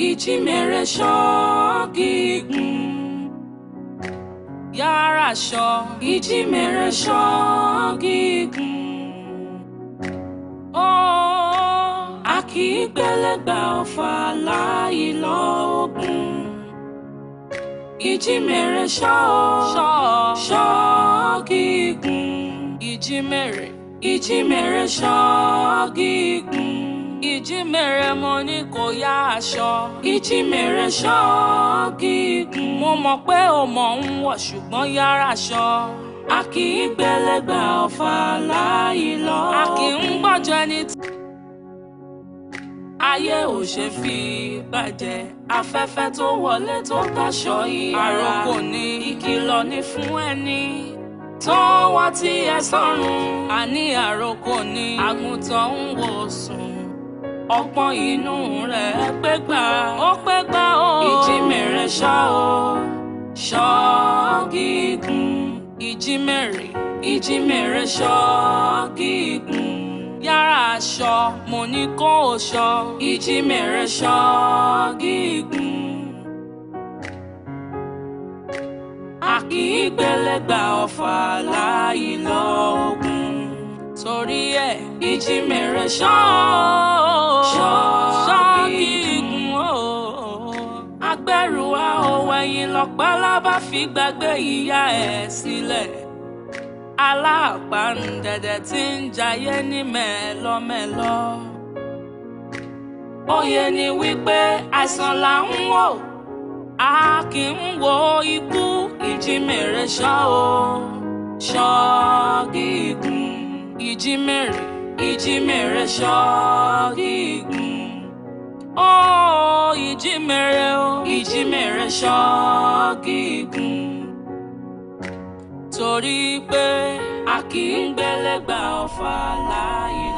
mere ìjímèrè ṣọ́ọ̀gì yàrá ṣọ ìjímèrè ṣọ́ọ̀gì ó àkìgbẹ́lẹ́gbà ọ̀fà láàyè lọ́ọ̀gùn ìjímèrè mere, ìjímèrè mere ṣọ́ọ̀gì gùn ìjímèrè mo ní kò ya aṣọ. ìjímèrè ṣọ́ọ́gì. mo mọ̀ pé o mọ̀ ń wọ̀ ṣùgbọ́n yára aṣọ. a kì í gbẹlẹgbẹ ọ̀fà láàyè lọ. a kì í ń gbọ́jọ ẹni tí. ayé ò ṣe fi bàjẹ́ afẹ́fẹ́ tó wọlé tó dáṣọ yìí. àròkò ni ìkìlọ̀ ni fún ẹni tó wá tí ẹ sọ̀rùn. àní àròkò ni àgùntàn ń wò sùn ọpọ́n inú rẹ̀ pé gbà ó pé gbà ó ìjímèrè ṣọ́ ó ṣọ́ gígùn ìjímèrè ìjímèrè ṣọ́ gígùn yàrá aṣọ mo ní kó o ṣọ́ ìjímèrè ṣọ́ gígùn. àkìgbélégbà ọ̀fà láyé lọ́ọ̀kùn torí ẹ̀ ìjímèrè ṣán ṣán gígùn o agbẹ́rù wa òun ẹ̀yìn lọ́pàá bá fi gbàgbé ìyá ẹ̀ sílẹ̀ aláàpáǹdẹ̀dẹ̀ tí ń jayé ní mẹ́lọ́mẹ́lọ́ òye ni wípé àìsàn là ń wò a kì í wo ikú ìjímèrè ṣán o ṣọ́ọ́gì ikú ìjì mẹ́rin ìjì mẹ́rin ṣọ́ọ́gì gùn. ó ìjì mẹ́rin ó ìjì mẹ́rin ṣọ́ọ́gì gùn. torí pé a kì í gbẹ́lẹ́gbà ọ̀fà láàyè.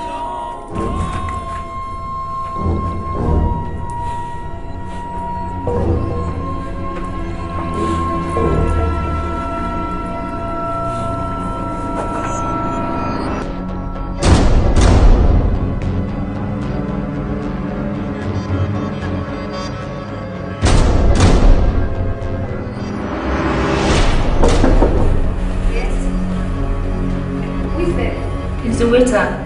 the waiter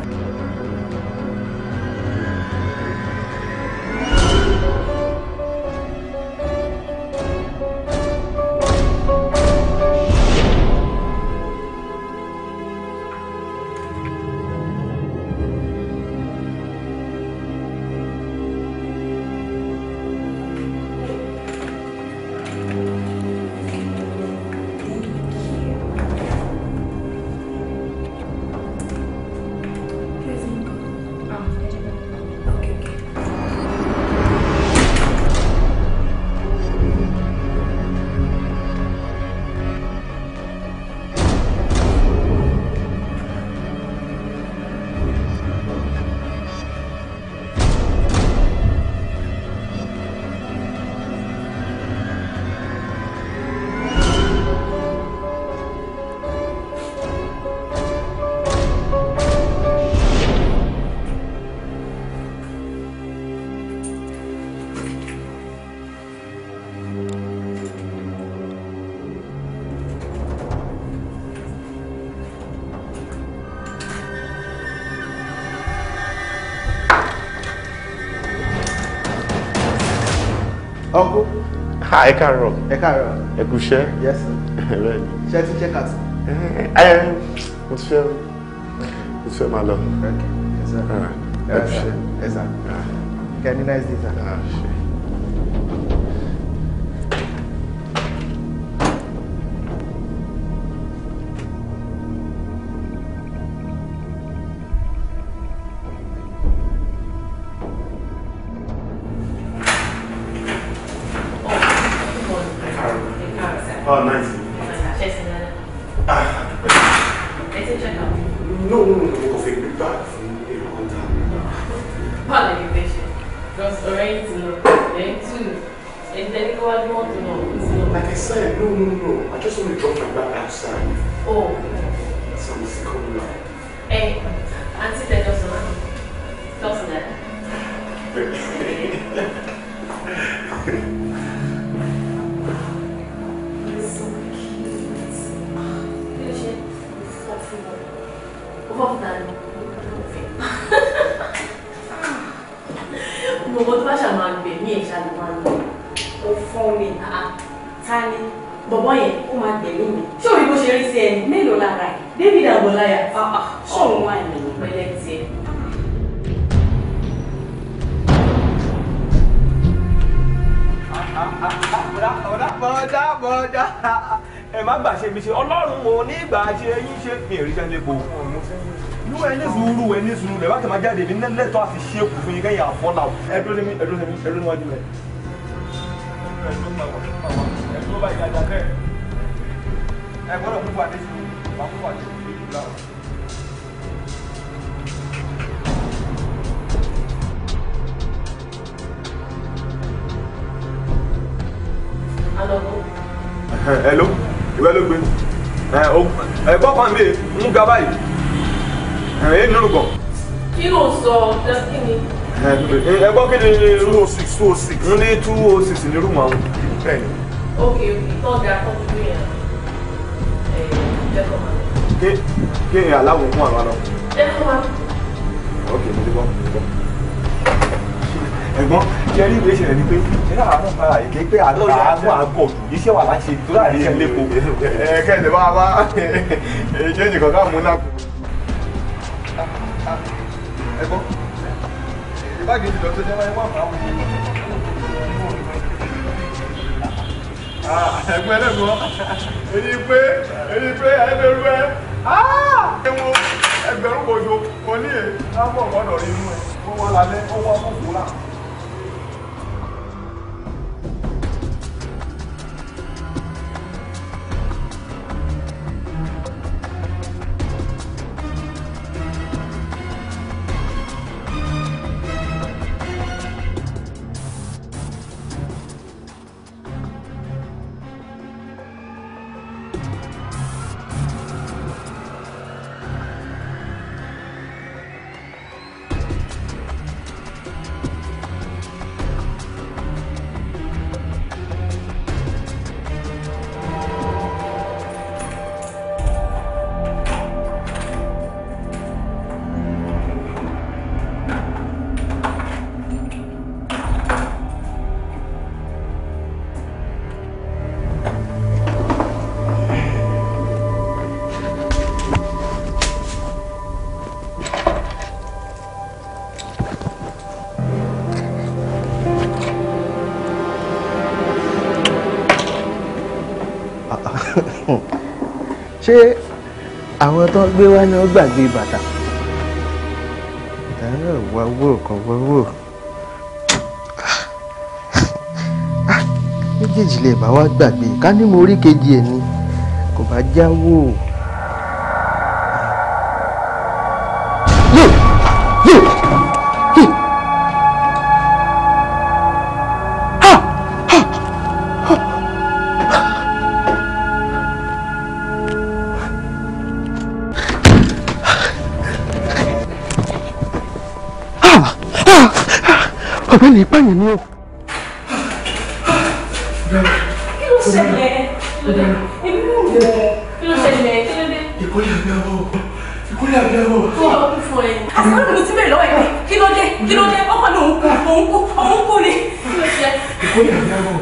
ọkú. ha ẹ káàárọ̀. ẹ káàárọ̀. ẹ kú iṣẹ́. yes sir. bẹ́ẹ̀ ni. ṣé ẹ ti check out. ẹ eh, ẹ eh, mo ti fẹ́ mo ti fẹ́ máa lọ. ok ẹ sá ẹ sá ẹ sá kẹ́ni nice day sir. Ah, ẹdúró ní mi ẹdúró ní mi ẹdúró níwájú rẹ. ní rúùmù àwọn a ni. ok ok tọ́jà tọ́jú bí yẹn jẹ́kọ̀ọ́ máa. kí ni aláwọ̀ fún àwọn lọ. jẹ́kọ̀ọ́ máa. ok mo ti bọ́ mo ti bọ́. ẹ̀gbọ́n ṣe rí ìwé ìṣẹ̀lẹ̀ ni pé ṣe náà àwọn ọmọ ara èké pé àgbà àgbà àgbọ̀ iṣẹ́ wà láṣẹ tó láàrin iṣẹ́ lépo. kẹ́lẹ̀ bá wá èjì nìkan ká mú náà kù. ẹ̀gbọ́n ìbáàgì ti lọ tó jẹ́ wáyé wà fún àwọn ènìyàn. ẹ̀gbọ́n ẹlẹ́gbọ́n èyí pé èyí pé ẹgbẹ̀rún ẹ ah! ẹwọ ẹgbẹ̀rún kojú oníyè lábọ̀ ọ̀gbọ́dọ̀ rí inú ẹ ó wọ́n lálẹ́ ó wọ́n fún fúlà. ṣé àwọn tó ń gbé wá ni wọ́n gbàgbé bàtà. bàtà náà wá wò kàn wá wò. Ah, méjèèjì lè bá wá gbàgbé ká ní mo rí kejì ẹ̀ ni kò bá jáwó. ẹnì pààyàn ni o. kí ló ṣẹlẹ̀ èmi mú un wọ̀ kí ló ṣẹlẹ̀ kí ló dé. ìkórè àbí àwọ̀ ìkórè àbí àwọ̀. fún ọ kún fún ẹ. àsìkò mi ti bẹ̀rẹ̀ lọ́wọ́ ẹ̀ kí ló dé kí ló dé ọkọ ni òun kú òun kú òun kú ni kí ló ṣe. ìkórè àbí àwọ̀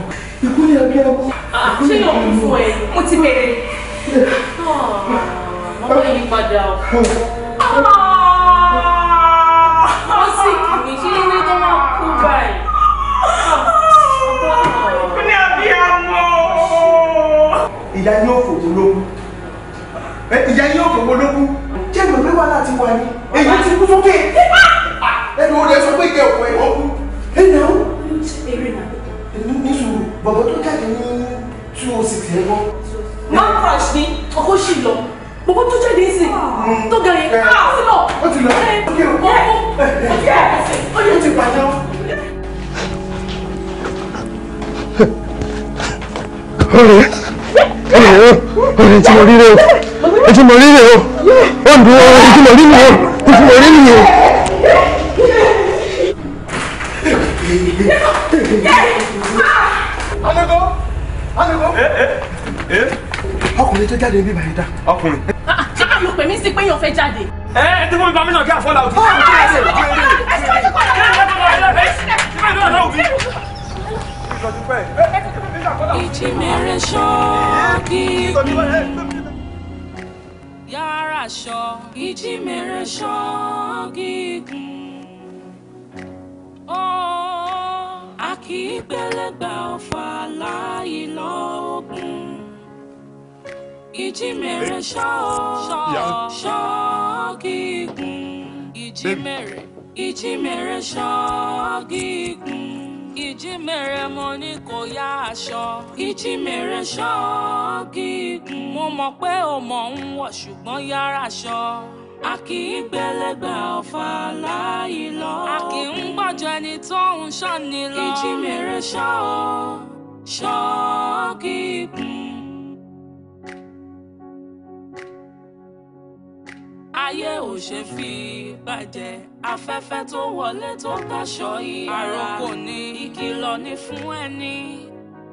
ìkórè àbí àwọ̀. ṣé yóò kún fún ẹ mo ti bẹ̀rẹ̀. ọmọ ah, yìí padà o. ni tí mo rí rè o tí mo rí rè o òǹdó tí mo rí nìyẹn o tí mo rí nìyẹn o. Anagbo! Anagbo! Eh, eh, eh. Ọkùnrin tó jáde ń bí bàyẹ̀ dá. Ọkùnrin. Ah, ṣé àlọ́ pèmí sí pé yóò fẹ́ jáde? Ẹ ẹ tí mo bá mi náà kí àfọlà òtún. ìjímèrè ṣọ́ọ̀kì yàrá ṣọ ìjímèrè ṣọ́ọ̀kì ó àkì ìgbẹ́lẹ́gbà ọ̀fà láàyè lọ́ọ̀gùn ìjímèrè ṣọ́ọ̀kì ìjímèrè ìjímèrè ṣọ́ọ̀kì ìjímèrè mo ní kò yá aṣọ. ìjímèrè ṣọ́ọ́gì. mo mọ̀ pé o mọ̀ ń wọ̀ ṣùgbọ́n yára aṣọ. a kì í gbẹlẹgbẹ ọ̀fà láàyè lọ. a kì í gbọ́jọ ẹni tó ń ṣọ́ni lọ. ìjímèrè ṣọ́ọ́ ṣọ́ọ́gì. ò ṣe fi bàjẹ́ afẹ́fẹ́ tó wọlé tó káṣọ yìí àròkò ní ìkìlọ̀ ní fún ẹni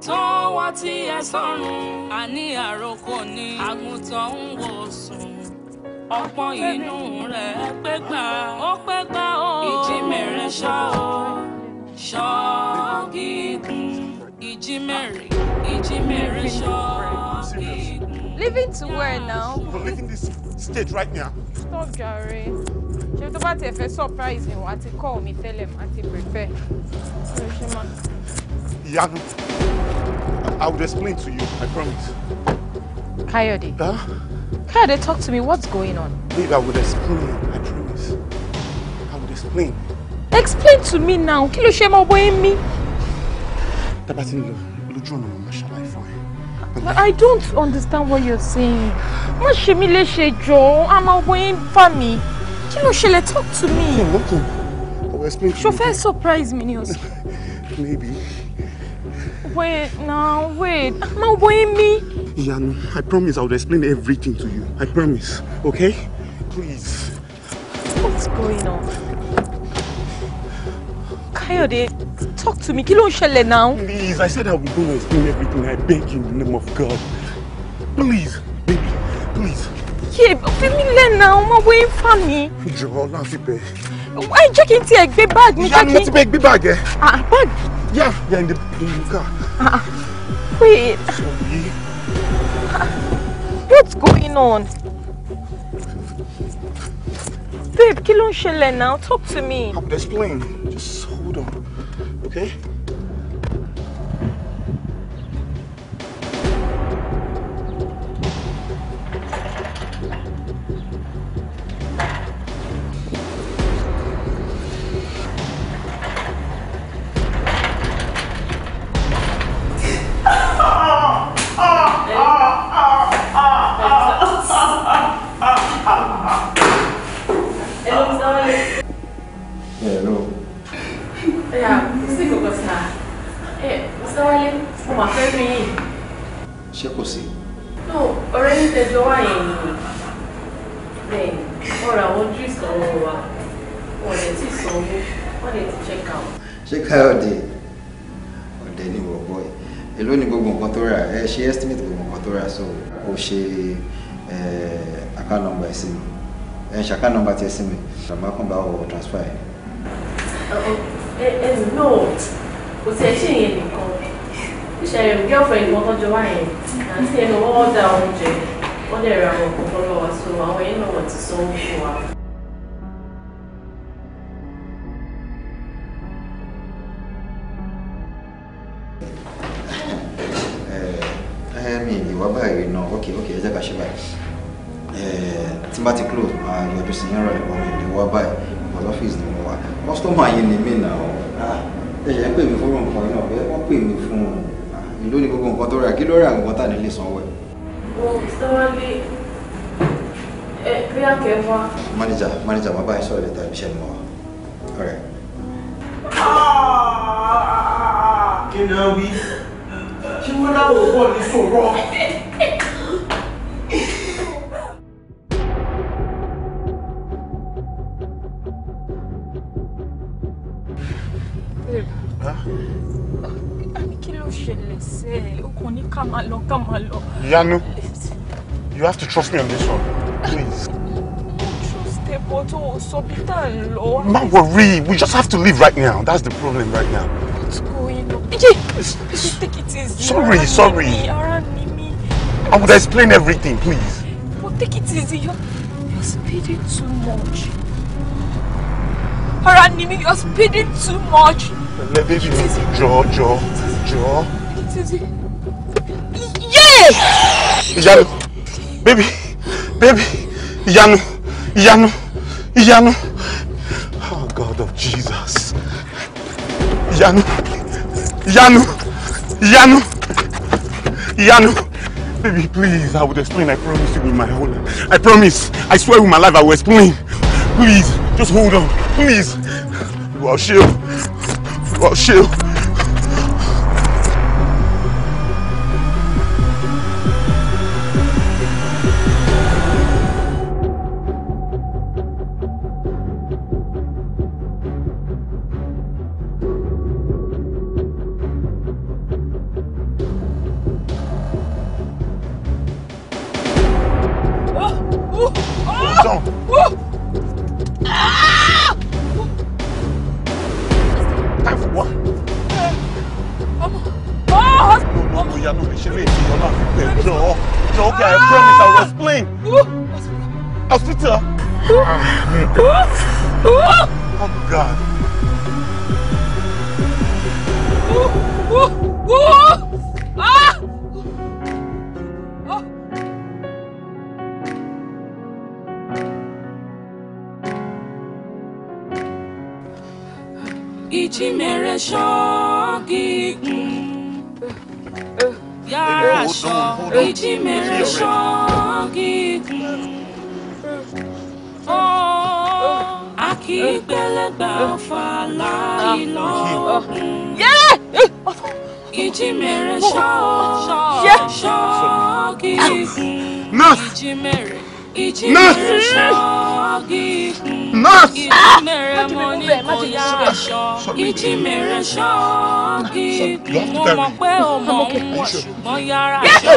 tó wá tí ẹ sọ́run àní àròkò ní àgùntàn ń wò sùn ọpọ́n inú rẹ̀ pé gbà ó pé gbà ó ìjímẹ̀rẹ̀ ṣọ́ ọ́ ṣọ́ọ́gì kù. Ijimere, Ijimere, ìjì mẹ́rin Living to where now? We're leaving this stage right now. Stop Gary. She Ṣé tó bá tiẹ̀ a surprise mi wá ti call mi tẹ́lẹ̀ mà ti prepare. No ṣe máa? Ìyanu, I will explain to you, I promise. Coyote. Huh? Coyote, talk to me, what's going on? Babe, I will explain, I promise. I will explain. Explain to me now, kí ló ṣe máa bọ́ ẹ́ Tàbá ti ń ọ̀nà màmá ṣàlàyé fún ẹ. But I don't understand what you're saying. Má ṣe mí léṣe jọ̀ọ́, a máa wọ yín fà mí. Kí ló ṣẹlẹ̀? Talk to me. I'm working. I will explain to you. Ṣo surprise me, ni o Maybe. Wait now, wait. Má wọ yín mi. Ìyanu, I promise I will explain everything to you. I promise, okay? Please. What's going on? Kayode, talk to me. Kí ló now? Please, I said I would go and explain everything. I beg you in the name of God. Please, baby, please. Yeah, fi mí lẹ̀ náà, ọmọ wo ń fà mí? Jọ̀ọ́ láti bẹ̀. Wáyé jẹ́ kí n tiẹ̀ gbé báàgì mi jáde. Ìyá ni mo ti bẹ gbé báàgì ẹ. Ah, ah, bag? Yeah, yeah, in the, in the car. Ah, ah, wait. Sorry. Ah, what's going on? Babe, kí ló ń now? Talk to me. I would explain. O K。a y Adéwálé, mo máa fẹ́ rí yìí. Ṣé kò sí? No, ọ̀rẹ́ ní tẹjọ́ wà yẹn ni. Bẹ́ẹ̀ni, wọ́n àwọn drinks lọ́wọ́ wa. Wọ́n lè ti sanwó, wọ́n lè ti check out. Ṣé Káyọ̀dé? Ọ̀dẹ ni wọ̀ bọ́ ẹ̀. Èló ni gbogbo nǹkan tó rà? Ẹ ṣe estimate gbogbo nǹkan tó rà so o ṣe account number ẹ̀ sí mi. Ẹ ṣe account number tiẹ̀ sí mi. Ṣàmá kan bá wọ̀ transfer ẹ̀. Ẹ ẹ no, kò sí ẹ ṣe ìyẹn nìkan ìṣẹ̀lẹ̀ girlfriend wọn tọ́jú wá yẹn àti ẹnu wọ́n dá oúnjẹ wọ́n dẹ̀ ra àwọn kọ̀ọ̀kan lọ́wọ́ so àwọn yẹn náà wọ́n ti sanwó fún wa. bùkátà nílé sanwó ẹ̀. o sọ́wọ́lé ẹ bí akẹ́wà. manager manager máa bá ẹ sọ̀rọ̀ lẹ́tà iṣẹ́ mọ́ wa. Ah, kí ni a wí ṣé wọ́n dáwọ́ pọ̀ ní sọ̀rọ̀. Yanu, you have to trust me on this one. Please. Má worry, we just have to leave right now. That's the problem right now. What's going on? It's, take it easy. Sorry, sorry. I would explain everything, please. But take it easy. You're, you're speeding too much. Aranimi, you're speeding too much. Let baby, Joe, Joe, Joe. Take it easy ìyanu bébì bébì ìyanu ìyanu ìyanu oh God of Jesus ìyanu ìyanu ìyanu ìyanu baby please I would explain I promise you with my whole I promise I swear with my life I will explain please just hold on please olùwà ọ̀ṣẹ́ o olùwà ọ̀ṣẹ́ o. kí mo mọ̀ pé o ń wọ̀ ṣùgbọ́n yàrá sọ.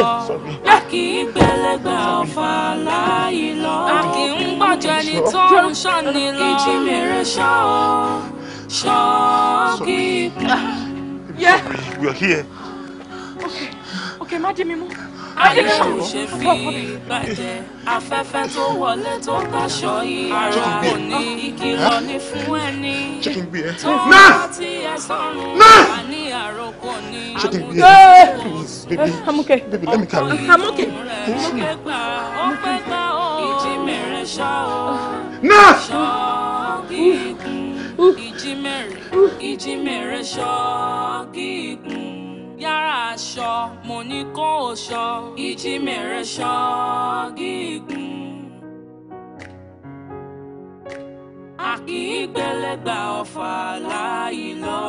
a gbẹlẹgbẹ ọ̀fà láàyè lọ. a kì gbọ́jọ ẹni tó ń ṣàní lọ. ìjì mèrè ṣọ́ ṣọ́ kí. We are here. Okay, okay, má dì mí mú àyíṣò bàjẹ́ afẹ́fẹ́ tó wọlé tó gbàṣọ ìyára òní ìkìlọ̀ ní fún ẹni tó rántí ẹ̀sọ́rùn wà ní àròkọ ní amúkẹ́ amúkẹ́ ṣe gbà ó pẹ́ gbà ó ìjì mẹ́rin ṣọ́ ó ṣọ́ kíkún ìjì mẹ́rin ìjì mẹ́rin ṣọ́ kíkún yàrá aṣọ mo ní kó o ṣọ ìjì mèrè ṣọ gígùn. àkìgbẹ́lẹ́gbà ọ̀fà láì lọ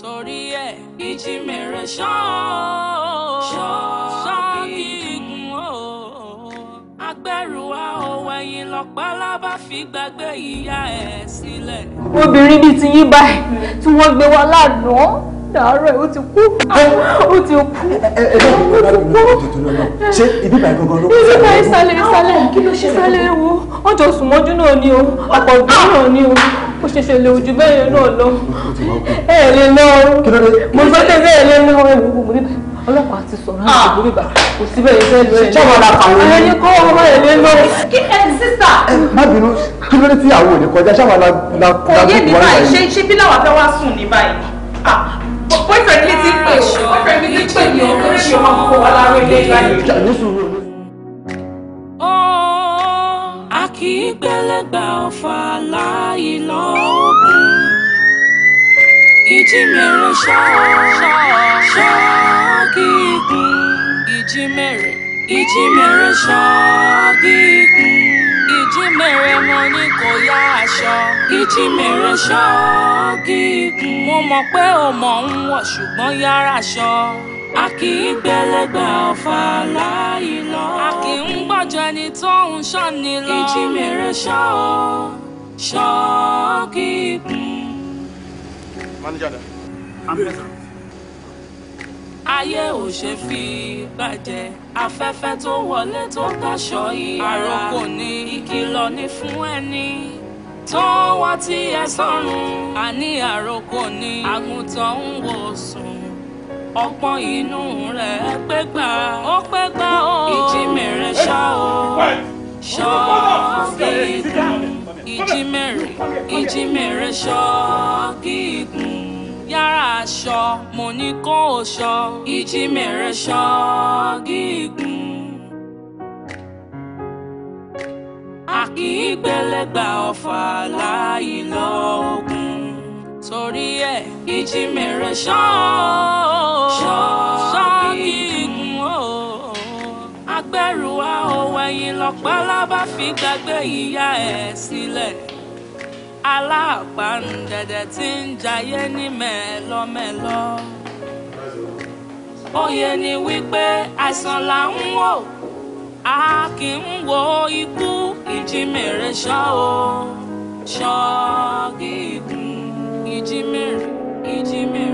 torí ẹ̀ ìjì mèrè ṣọ́ ṣọ́ọ̀gìgùn o. agbẹ́rù wa lọ́pàá bá fi gbàgbé ìyá ẹ̀ sílẹ̀. obìnrin bíi ti yín báyìí tí wọ́n gbé wa láàánú dàárọ̀ ẹ̀ ó ti kú ó ti kú. ẹ ẹ ẹ bá mi lọ tuntun lọ náà ṣé ibi ìbàyí gangan ló. ibi ìbàyí ìsàlẹ̀ ìsàlẹ̀ ìsàlẹ̀ ewu wọ́n jọ sùn mọ́jú náà ni o àpọ̀jù náà ni o ó ṣe ṣẹlẹ̀ ojú bẹ́ẹ̀ náà lọ ẹ lè lọ mo sọ pé bẹ́ẹ̀ lè lọ ẹ wò mo níbẹ̀ ọlọ́pàá ti sọ̀rọ̀ àwọn ìgbòho bíbà kò sí bẹ́ẹ̀ fẹ́ lọ ẹ̀ jọba la kàwé ẹ̀ ní kọ́ ọmọ ẹ̀ lè lọ. kí ẹ sísà. má bínú kí ló dé tí àwọn ò lè kọjá ṣáwa la. kò yé mi báyìí ṣé bí làwọn fẹ́ wá sùn ní báyìí boyfriend mi ti pè ó boyfriend mi ti pè mí ó kó ṣe ọmọ kókó wa láàárọ̀ ilé ìgbàlejò. a kì í gbẹlẹgbà ọfà láàyè lọ́ọ̀bù ìjì mèrè ṣọ́ọ̀ ṣọ́ọ̀ gígùn ìjì mèrè ìjì mèrè ṣọ́ọ̀ gígùn ìjímèrè mo ní kò yá aṣọ. ìjímèrè ṣọ́ọ́gì ikùn. mo mọ̀ pé o mọ̀ ń wọ̀ ṣùgbọ́n yára aṣọ. a kì í gbẹlẹgbẹ ọ̀fà láyìí lọ. a kì í ń gbọ́jọ ẹni tó ń ṣọ́ni lọ. ìjímèrè ṣọ́ọ́ ṣọ́ọ́gì ikùn. manager. I'm better ayé ò ṣe fi bàjẹ́ afẹ́fẹ́ tó wọlé tó dáṣọ yìí àròkò ní ìkìlọ̀ ní fún ẹni tó wá tí ẹ sọ̀rùn àní àròkò ní àgùntàn ń wò sùn ọpọ́n inú rẹ̀ pé gbà ó pé gbà ó ìjímèrè ṣá o ṣọ́ gígùn ìjímèrè ìjímèrè ṣọ́ gígùn yàrá aṣọ mo ní kó o ṣọ ìjì mèrè ṣọ gígùn. àkìgbélégbà ọ̀fà láyé lọ́gùn torí ẹ̀ ìjì mèrè ṣọ ṣọ gígùn o. agbẹ́rù wa ò wẹ̀yìn lọ́pàá lábá fi gbàgbé ìyá ẹ̀ sílẹ̀ aláàpáǹdẹ̀dẹ̀ tí ń jayé ní mẹ́lọ́mẹ́lọ́. Oyè ni wípé àìsàn là ń wò, a kì ń wo ikú ìjímèrè ṣọ́ o. Ṣọ́ọ́gì ìgùn ìjímèrè ìjímèrè.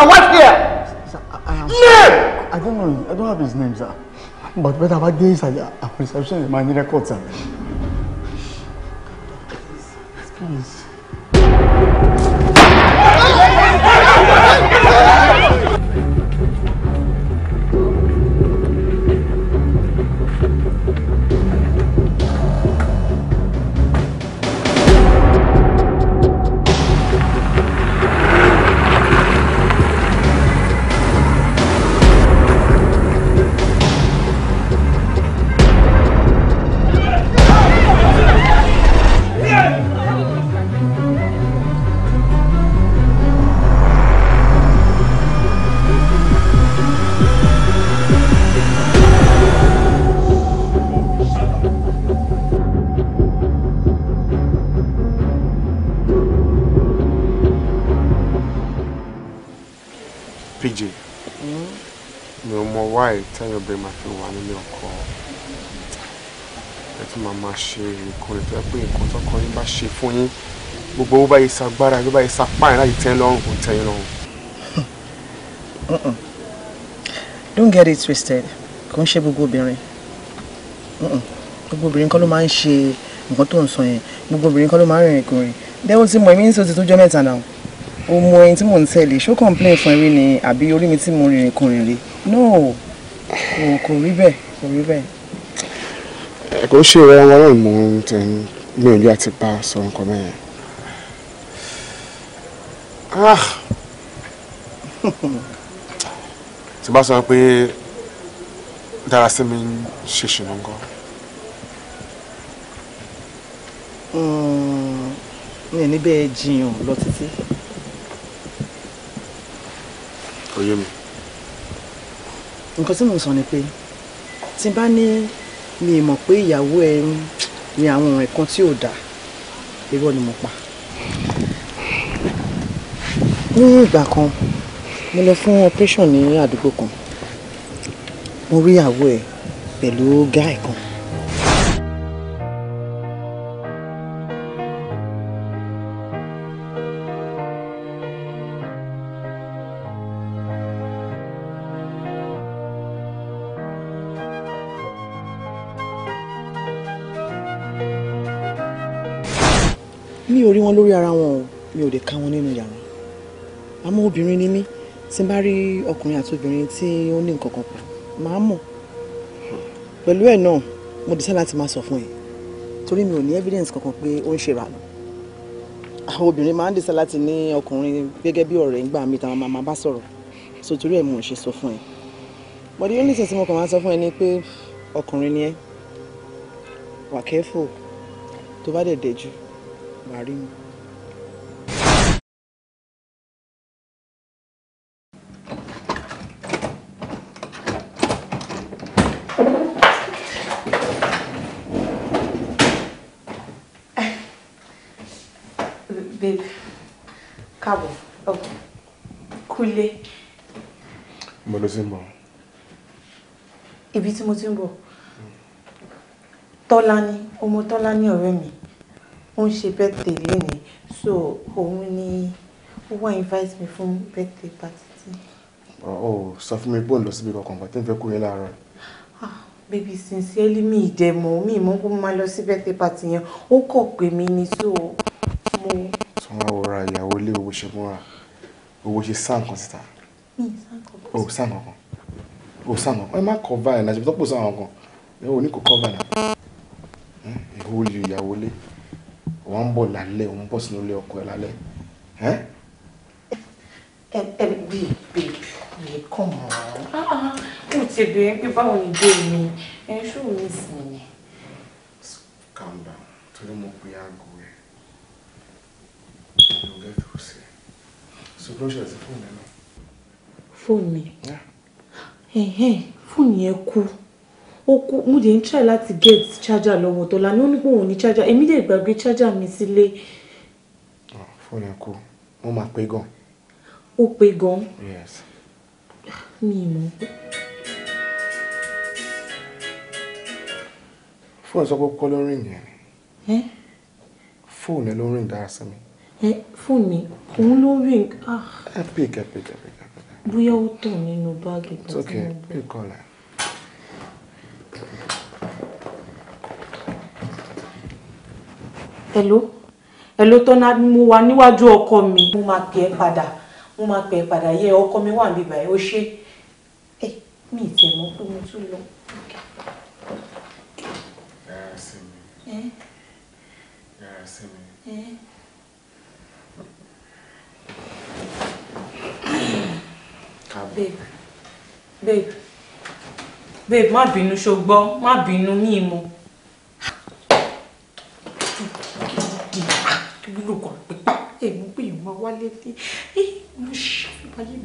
my wife here. Sir, I Name! I don't know. I don't have his name, sir. But when I was there, I will reception my record, sir. fún yín gbogbo owó báyìí sagbára ló báyìí sapáyìn láti tẹ́ lọ́rùn kò tẹ́ yín lọ́rùn. Hmm. don't get it twisted kò ń ṣe gbogbo obìnrin hmm. gbogbo obìnrin kọ́ ló máa ń ṣe nǹkan tó ń sọ yẹn gbogbo obìnrin kọ́ ló máa ń rìnrìn kùnrin dẹ́wọ́n ti mọ̀ ẹ̀mí ní sọ́tì tó jọ́ mẹ́ta náà o mọ ẹni tí mò ń tẹ̀lé ṣó complain fún eré ni àbí orí mi tí mo rìnrìn kùnrin rí no kò rí bẹ́ẹ̀ kò rí bẹ́ẹ̀. ẹ kò ṣe ìrẹ́ wọn náà mò ń tẹ̀yìn mi ò lè àti pa sọ nǹkan mẹ́rin. Ah! tí bá sọ pé Darasimi ń ṣe ṣìnà ńkọ́. Hmm, mi ò ní bẹ́ẹ̀ jiyàn lọ títí. oyè mi. nǹkan tí mo sọ ni pé tí bá ní mi ì mọ̀ pé ìyàwó ẹ ni àwọn nǹkan tí ò dáa irọ́ ni mo pa. ní ìgbà kan mo lọ fún operation ní àdúgbò kan mo rí àwọ̀ ẹ̀ pẹ̀lú gáì kan. tí n bá rí ọkùnrin àti obìnrin tí ó ní nǹkan kan pọ̀ màá mọ̀ pẹ̀lú ẹ̀ náà mo dìṣẹ́ láti máa sọ fún ẹ torí mi ò ní evidence kankan pé ó ń ṣe ìrànà àwọn obìnrin máa ń dìṣẹ́ láti ní ọkùnrin gẹ́gẹ́ bí ọ̀rẹ́ ńgbà mi táwọn máa bá sọ̀rọ̀ so torí ẹ̀ mo ń ṣe sọ fún ẹ but the only thing tí mo kàn máa sọ fún ẹ ni pé ọkùnrin ni ẹ wà careful tó bá dẹ̀ dẹ̀ jù wà rí mi. tí mo ti ń bọ̀ ni ọmọ tọ́lání ọ̀rẹ́ mi ó ń ṣe birthday lónìí so òun ni ó wá invite mi fún birthday party tí. ọ sọ fún mi bóun lọ síbi kankan bá tí n fẹ́ kú yẹn láàárọ̀. Ah, baby sincerely mi ìdẹ̀mọ̀ mi ìmọ̀ kó máa lọ sí birthday party yẹn ó kọ̀ pé mi ni so mo. tí wọ́n á wọra ìyàwó ilé owó ṣe múra owó ṣe sáà kan síta. mi sáà kan. o sáà kan kan kò sànà ẹ má cover ẹ̀ náà ṣe fi tọ́pọ̀ sànà kan ẹ ò ní kò cover náà ìwọ olè ìyàwó lé wọn ń bọ̀ lálẹ́ wọn ń bọ̀ sínú ilé ọkọ ẹ lálẹ́. ẹ ẹ bíi bíi bíi kọ̀ mọ́ mo ti bèèrè pé báwo ni dé mi ẹ ṣó mi sì ni. calm down torí mo pe aago ẹ you get to see so bí ó ṣe ti fóònù ẹ náà. fóònù mi. Yeah fóònù yẹn kú ó kú mo dé ń try láti get charger lọ́wọ́ Tọ́lá ní ó ní pé òun ní charger èmi dẹ̀ gbàgbé charger mi sílé. Ah, fóònù yẹn kú wọ́n máa pé gan. ó pé gan. yes. mi ì mọ̀. fóònù sọ pé kọ́ ló ń rìn yẹn. fóònù ẹ ló ń rìn dára sí mi. fóònù mi òun ló ń rìn. ẹ pè kẹ pè kẹ pè kẹ bóyá ó tàn nínú báàgì kan tí mo gbé. hello hello tọ́nà mo wà níwájú ọkọ mi mo máa pè é padà mo máa pè é padà yẹ ọkọ mi wà níbí báyìí ó ṣe é mi ì tẹ̀ mọ́ pé mo tún lọ. yàrá babe babe babe má bínú ṣùgbọ́n má bínú mí mu. kílò kan pípa èmi pé ìmọ̀ wálé ní mo ṣàfihàn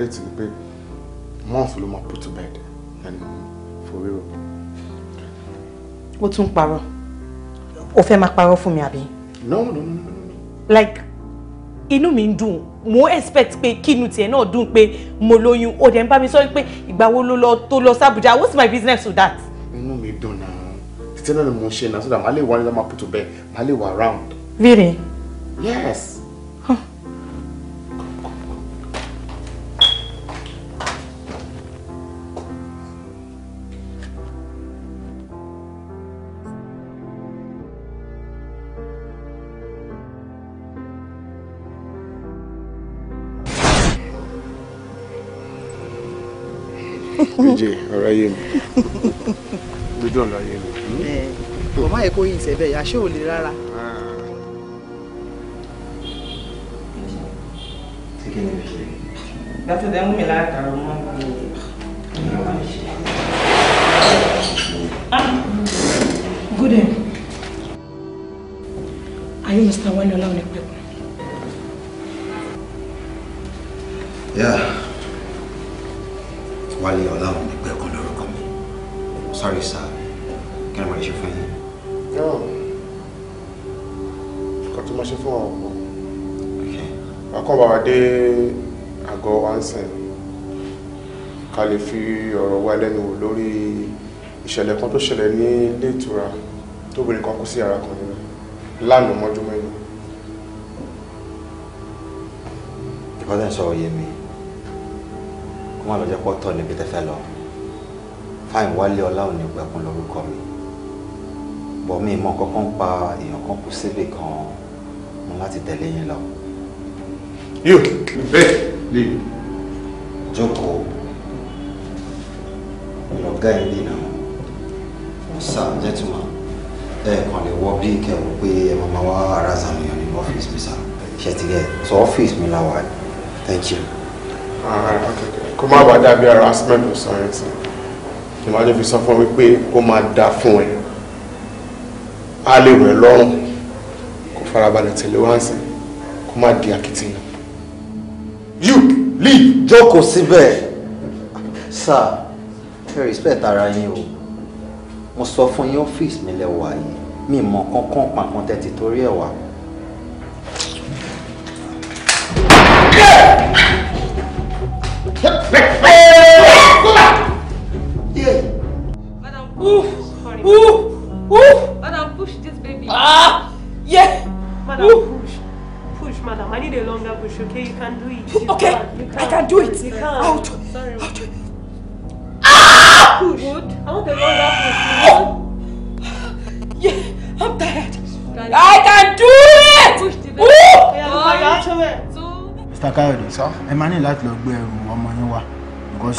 calculate wípé month ló máa put to bed and for real. ó tún parọ́ o fẹ́ máa parọ́ fún mi àbí. no no no like inú mi ń dùn mo expect pé kínú tiẹ̀ náà dùn pé mo lóyún ó dẹ̀ ń bá mi sọ pé ìgbà wo ló lọ tó lọ sábùjá what's my business with that. inú mi dùn náà títí náà ni mo ń ṣe náà so that màá lè wá ní lọ́ọ́ máa put màá lè wà around. really. yes. láyé mi gbẹdọ̀ láyé mi. ọmọ yẹ kó yin sẹ́bẹ̀ yà ṣé ò le rárá. láti dẹ́ mú mi látàrọ mọ́ ah. Good day. Are you Mr. Wanyola ìṣẹ̀lẹ̀ kan tó ṣẹlẹ̀ ní ilé ìtura tóbìnrin kan kú sí ara kan nínú lánàá mọ́jú mẹ́rin. ìkọ́tẹ̀ ń sọ̀rọ̀ yé mi kó má lọ jẹ́ pọ́tọ́ níbi tẹ́fẹ́ lọ fáìn wálé ọlá ò ní gbẹ̀kún lórúkọ mi bọ̀ mí mọ́ kọ́kọ́ ń pa èèyàn kan kú síbì kan mú láti tẹ̀lé yín lọ. yóò bẹ́ẹ̀ lè. jókòó lọ́gá ẹ̀ ń sir gentleman ẹ kàn lè wọ bí kẹwò pé ẹ máa máa wá ara sàmìyàn nínú ọ́fíìsì mi sir ṣe so ọ́fíìsì mi la wà thank you. kó má bàa dàbí harassment or something ìwádìí fi sọ fún mi pé kó máa dà fún ẹ á lè rẹ lọ́rùn kó farabalẹ̀ tẹ̀lé wá sí kó má di akitiyan. you leave jókòó síbẹ̀ sir ẹ respect ara yín o mo sọ fún yín ọ́fíìsì mi lẹ́wọ̀ àyè mi mọ̀ kankan pàǹkan tẹ́ ti torí ẹ̀ wá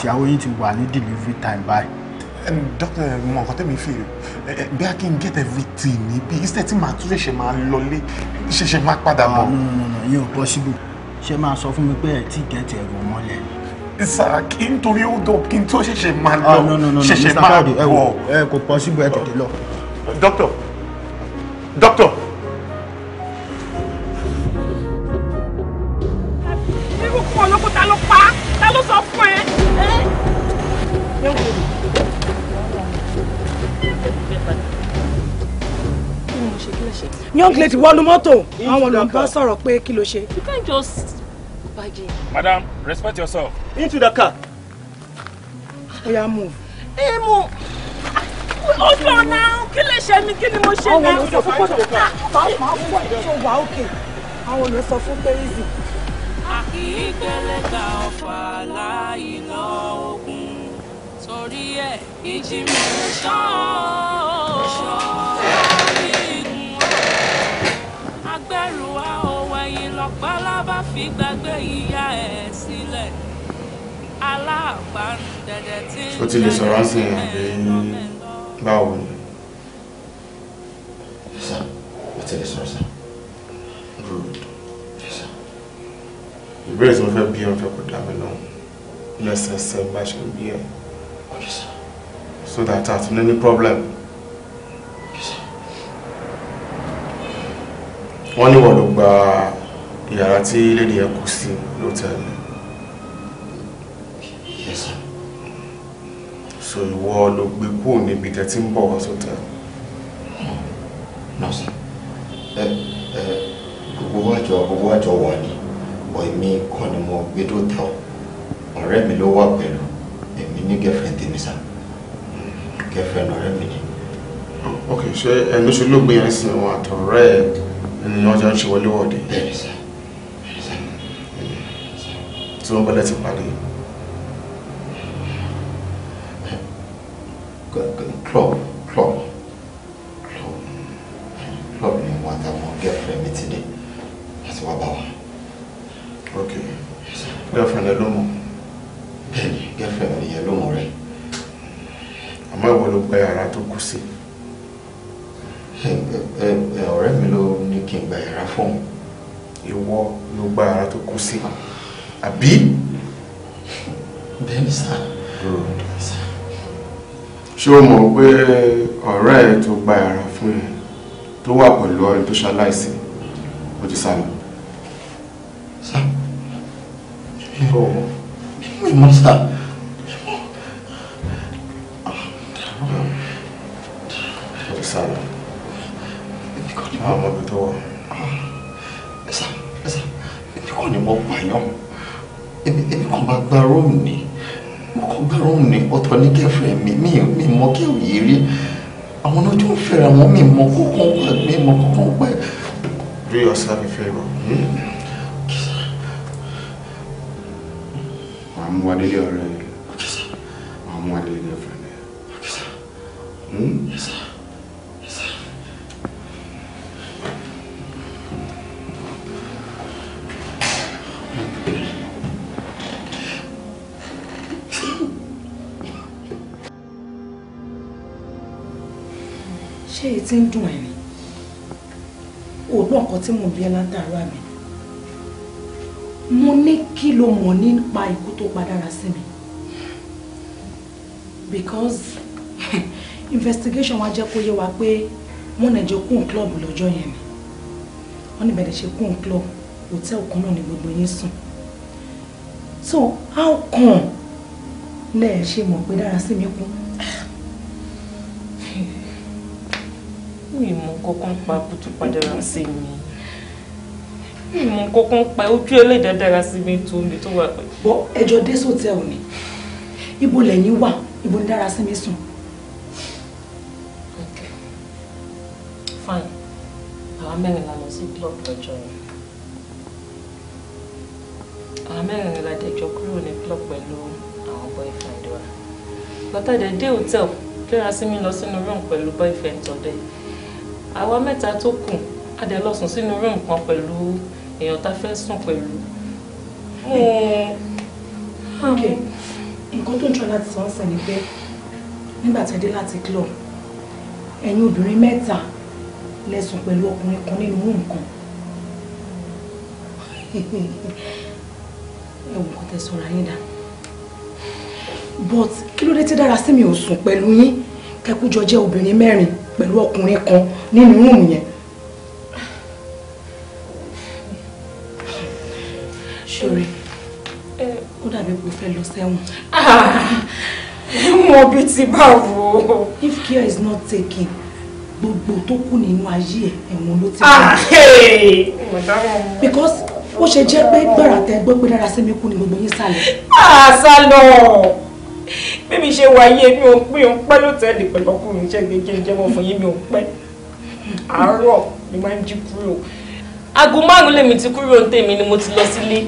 ìyàwó yín ti wà ní delivery time báyìí. dókítà mo nǹkan tẹ́mi fi bí a kì í get everything níbi instead tí màá tún ṣẹ̀ṣẹ̀ máa lọlé ṣẹ̀ṣẹ̀ máa padà bọ̀. Ah, no no no yóò possible ṣé máa sọ fún mi pé ẹ ti gẹ̀ẹ́tì ẹ̀rọ mọ́lẹ̀ ni sà kí n torí ó dọ̀ kí n tó ṣẹ̀ṣẹ̀ máa lọ ah, ṣẹ̀ṣẹ̀ máa bọ̀. ẹ kò possible ẹ tètè lọ. doctor doctor young lady wọnú mọ́tò àwọn ló ń bá sọ̀rọ̀ pé kí ló ṣe. you can't just bàjẹ́. madam respect yourself. into the car. oya move. ẹ mú o jọ náà kí lè ṣe mi kí ni mo ṣe náà. àwọn olùsọ fún pọ̀jù máa ń wà ṣó wà òkè àwọn olùsọ fún pẹ́rẹ́sì. àkìgbẹ́lẹ́ta ọ̀fà láìná ogun torí ẹ̀ ìjì mi ṣán ẹlẹ́rù wa òwò ẹ̀yìn lọ́pàá bá fi gbàgbé ìyá ẹ̀ sílẹ̀ aláàbárùn dẹ̀dẹ̀ tí ń dẹ̀dẹ̀ ẹ̀ lọ́mẹ̀ báwo ni. sá mo ti lè sọ̀rọ̀ sá. good. ìbéèrè tí mo fẹ́ bí ẹ fẹ́ kó dá mi lọ lẹ́sẹẹsẹ bá ṣe ń bí ẹ. so that at no any problem. wọ́n ní wọ́n ló gba ìyàrá tí lady yẹn sí lóòtẹ́ẹ̀lì so ìwọ ló gbé kúrò níbi tẹ́ tí ń bọ̀ wá sóòtẹ́ẹ̀lì. nọ́ọ̀sì ẹ ẹ gbogbo wájọ gbogbo wájọ wà ní ọ̀ èmi kan ni mo gbé tó ta ọ ọ̀rẹ́ mi ló wà pẹ̀lú èmi ní girlfriend tèmi sá girlfriend ọ̀rẹ́ mi ni. Oh, ok ṣé ẹnu ṣe ló gbé yẹn sí àwọn àtọ̀rẹ́ ẹ̀ ni wọ́n jọ ń ṣe wọlé wọ̀de tí wọ́n bọ́lẹ̀ ti parí. club club club club ni wọn àtàwọn girlfriend mi ti dé láti wá bá wa. ok girlfriend ẹ ló mọ. bẹ́ẹ̀ni girlfriend mi yẹn ló mọ rẹ. àmọ́ ìwọ ló gba yàrá tó kù sí i ọ̀rẹ́ mi ló ní kí n gba yàrá fóun. ìwọ ló gba ara tó kú sí àbí. bẹ́ẹ̀ni sá. ṣé o mọ̀ pé ọ̀rẹ́ ẹ tó gba yàrá fún ẹ tó wà pẹ̀lú ọ̀rẹ́ tó ṣaláìsí ó ti sá lọ. sá. ọ̀hún. mi sá. Sala àwọn ọmọ tó wọ̀. ẹ̀sà ẹ̀sà èmi kàn ní mo pààyàn èmi kàn máa gba róòmù ni mo kàn gba róòmù ni ọ̀tọ̀ ní kẹfẹ́ mi mi mọ kẹwì yìí rí àwọn náà jọ ń fẹ́ra wọn mi mọ kókó mi mọ kókó pẹ́. do hmm? hmm? Yes, sir. tí ń dùn ẹ̀ ni òògbọ́n nǹkan tí mò ń bí ẹ látàárọ̀ àmì mo ní kí ló mọ̀ nípa ikú tó padára sí mi because investigation wa jẹ́ kó yé wa pé wọ́n náà jẹ́ kún club lọ́jọ́ yẹn ni wọ́n ní bẹ̀rẹ̀ ṣe kún club hòtẹ́ẹ̀lì kan náà ni gbogbo yín sùn so how come lẹ́ẹ̀ ṣe mọ̀ pé dára sí mi kún mi mọ kankan pa bójú padàra sí mi mi mọ kankan pa ojú ẹlẹ́dàá dára sí mi tó mi tó wà pẹ́. bọ́ ẹjọ́ dé sòtẹ́ẹ̀lì ni ibo lẹ́yìn wà ibo ni dára sí mi sùn. ok fine àwa mẹ́rin la lọ sí club lọ́jọ́ yẹn àwọn mẹ́rin la dẹ̀jọ kúrò ní club pẹ̀lú àwọn boyfriend wa. Bàtà dẹ̀ dé hotel, Kérasímí lọ sínú room pẹ̀lú boyfriend tọ̀dẹ̀ àwa mẹ́ta tó kù a dẹ̀ lọ sùn sínú rúùmù kan pẹ̀lú èèyàn tá a fẹ́ sùn pẹ̀lú. Hmm. nǹkan tó ń tọ́ láti sọ ń sìn ni pé nígbà tẹ́ dé láti club ẹ̀yin obìnrin mẹ́ta lẹ sùn pẹ̀lú ọkùnrin kan nínú rúùmù kan ẹ wò kó tẹ sọ̀rọ̀ ayé dá but kí ló dé tí dára sí mi ò sùn pẹ̀lú yín kẹkújọ jẹ́ obìnrin mẹ́rin pẹ̀lú ọkùnrin kan nínú rúùmù yẹn. ṣòrí ó dàbí pé o fẹ́ lọ sẹ́wọ̀n. Ah, mo bí ti bá wo. if care is not taken gbogbo tó kù nínú ayé ẹ ẹ̀wọ̀n ló ti wà. Ah, because ó ṣe jẹ́ pé gbàrà tẹ gbọ́ pé dára sí mi kú ni gbogbo yín sálọ. Ah, sálọ bí mi ṣe wà yé mi ò pé òun pẹ́ lọ́tẹ̀ẹ̀lì pẹ̀lú ọkùnrin iṣẹ́ gẹ́gẹ́ jẹ́mọ́ fún yín mi ò pẹ́ àárọ̀ ni máa ń jí kúrò aago márùn lèmi ti kúrò ń tèmi ni mo ti lọ sílé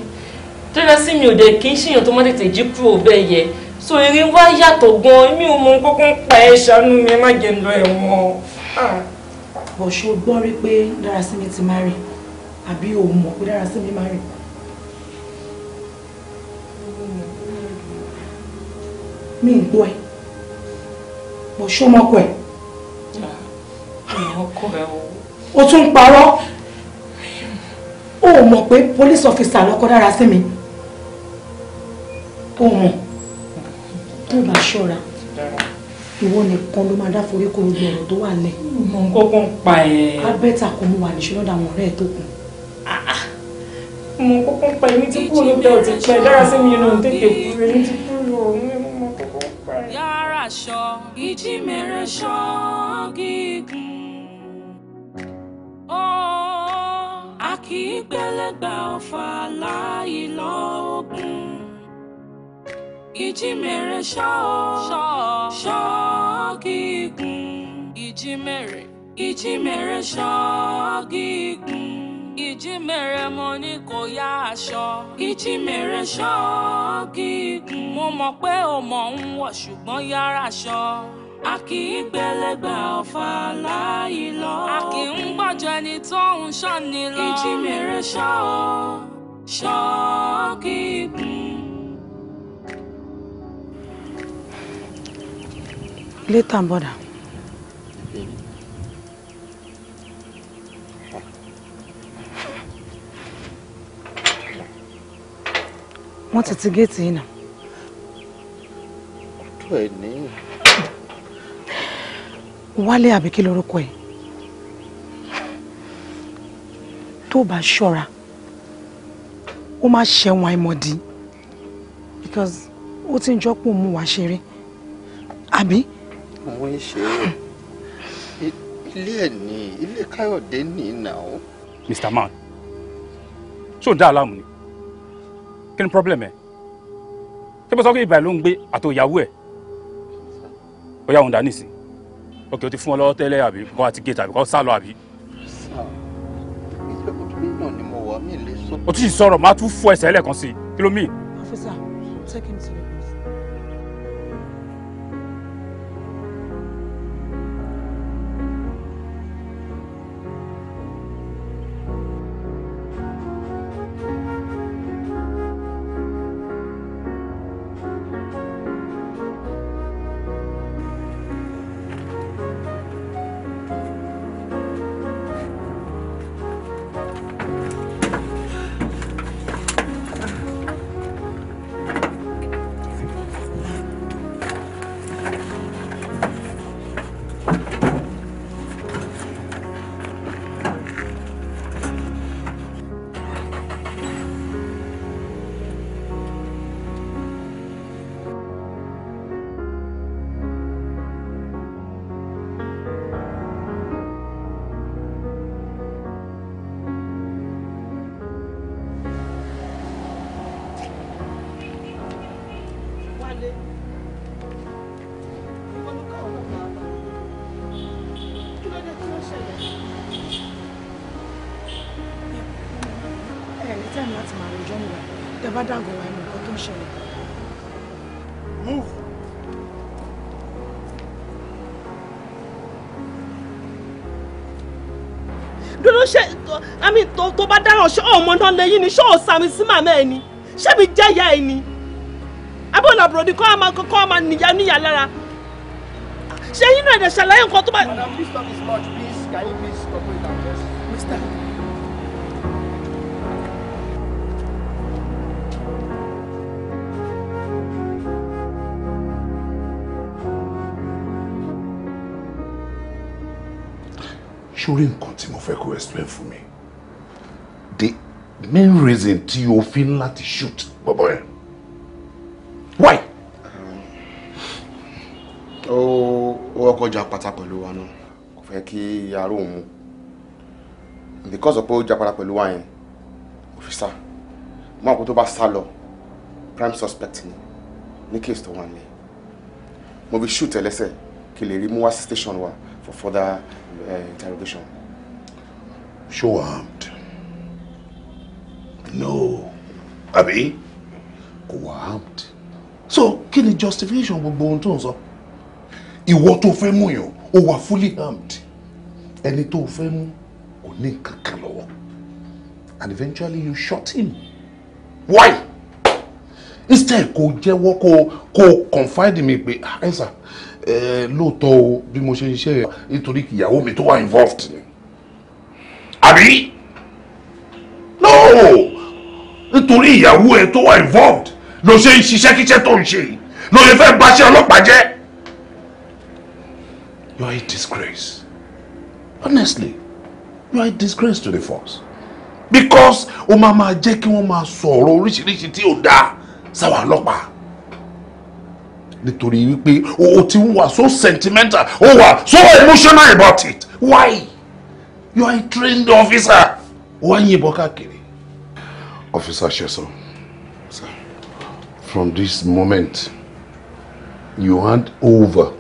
tẹ́lẹ̀ sí mi ò dé kí n ṣèyàn tó má tètè jí kúrò bẹ́ẹ̀ yẹ so eré wá yàtọ̀ gan mi ò mọ kókó ń pa ẹ ṣàánú mi ẹ má jẹ́ lọ ẹ̀wọ̀n. bọ̀ṣọ́ gbọ́ rí pé Dárasími ti má rí àbí òun mọ̀ pé Dárasími má rí. mi ń gbọ́ ẹ̀ mo ṣó mọ́kọ ẹ̀. o tún ń parọ́ o mọ̀ pé police officer lọ́kọ dára sí mi o mọ̀ tó bá ṣọ́ra ìwọ nìkan ló máa dá forí kó gbogbo ọ̀rọ̀ tó wà lẹ̀. mo ń kọ́kọ́ ń pa ẹ̀. abẹ́ta kò mú wà ní ṣọlọ́dà àwọn ọ̀rẹ́ ẹ̀ tó kù. mo ń kọ́kọ́ ń pa ẹni tí kúrò ló bẹ̀ ọ́ ti pẹ́ dára sí mi yẹn náà tètè kúrò ẹni tí kúrò aṣọ ìjímèrè ṣọ́ọ́gígùn. ó àkì í gbẹlẹgbà ọ̀fà láìlọ́ ogun. ìjímèrè ṣọ́ọ́ ṣọ́ọ́gígùn. ìjímèrè ìjímèrè ṣọ́ọ́gígùn ìjímèrè mo ní kò ya aṣọ. ìjímèrè ṣọ́ọ́gì. mo mọ̀ pé o mọ̀ ń wọ̀ ṣùgbọ́n yára aṣọ. a kì í gbẹlẹgbẹ ọ̀fà láàyè lọ. a kì í gbọ́jọ ẹni tó ń ṣọ́ni lọ. ìjímèrè ṣọ́ọ́ ṣọ́ọ́gì. later bọ́dà. wọ́n ti ti géètì yìí nà. ọdún ẹ ní. wálé àbí kí lorúkọ ẹ tó bá ṣọ́ra ó máa ṣẹ̀wọ̀n àìmọ̀dí because ó ti ń jọ́ pò mú wa ṣeré àbí. àwọn ìṣeré ilé ẹ̀ ní ilé káyọ̀dé ní ìnáwó. Mr. Man ṣó ń dá aláàmú ni kí ni problem ẹ ṣé mo sọ pé ibà ló ń gbé àti ìyàwó ẹ ó yà wọn dà nísìn ok o ti fún ọ lọ́wọ́ tẹ́lẹ̀ àbí kọ́ àti gate àbí kọ́ sálọ àbí. o tún sì sọ̀rọ̀ tún fọ ẹsẹ̀ ẹlẹ́kan sí i kí ló mì. officer take him to the Move. dúró ṣe àmì tó bá dáràn ṣé ọmọ náà lẹ́yìn ni ṣé òsàmì sí màmá ẹ ni ṣé mi jẹ́ ìyá ẹ ni abọ́nà àbúrò ni kọ́ ọmọ kọ́ ọmọ nìyá níyà lára ṣé yín náà ẹ̀dẹ̀ ṣàlàyé nǹkan tó bá. Madam, please stop this much please can you please. ṣórí nǹkan tí mo fẹ́ kó explain fún mi the main reason tí o fi ń láti shoot bọ́bọ́ yẹn why. ó ó kọjá pátá pẹ̀lú wa náà kò fẹ́ kí aró òun mu because of pé ó jápara pẹ̀lú wa yẹn òfìsà mọ àwọn tó bá sá lọ prime suspect ni ní case tó wà ní mo fi shoot ẹ lẹ́sẹ̀ kí lè rí mú wá sí station wa for further uh, interrogation. Show armed. No. Abi, kò wá armed. So, kí the justification gbogbo ohun tó ń sọ? Ìwọ tó fẹ́ mú yàn, ó fully armed. And he fẹ́ mú kò ní And eventually you shot him. Why? Instead, kò jẹ́wọ́ kò kò confide mi pé, ẹ ah, lóòótọ́ o bí mo ṣe ṣiṣẹ́ yẹn nítorí ìyàwó mi tó wà involved ni àbí no nítorí ìyàwó ẹ tó wà involved ló ṣe ń ṣiṣẹ́ kíṣẹ́ tó ń ṣe yìí ló lè fẹ́ gbaṣẹ́ ọlọ́pàá jẹ́ you are a disgrace honestly you are a disgrace to the force because o máa máa jẹ́ kí wọ́n máa sọ ọ̀rọ̀ oríṣiríṣi tí ò dáa sáwọn ọlọ́pàá nítorí wípé o ti wà so sentimental o wà so emotional about it why you are a trained officer o wá yìnbọn káàkiri. officer sheson sir from this moment you hand over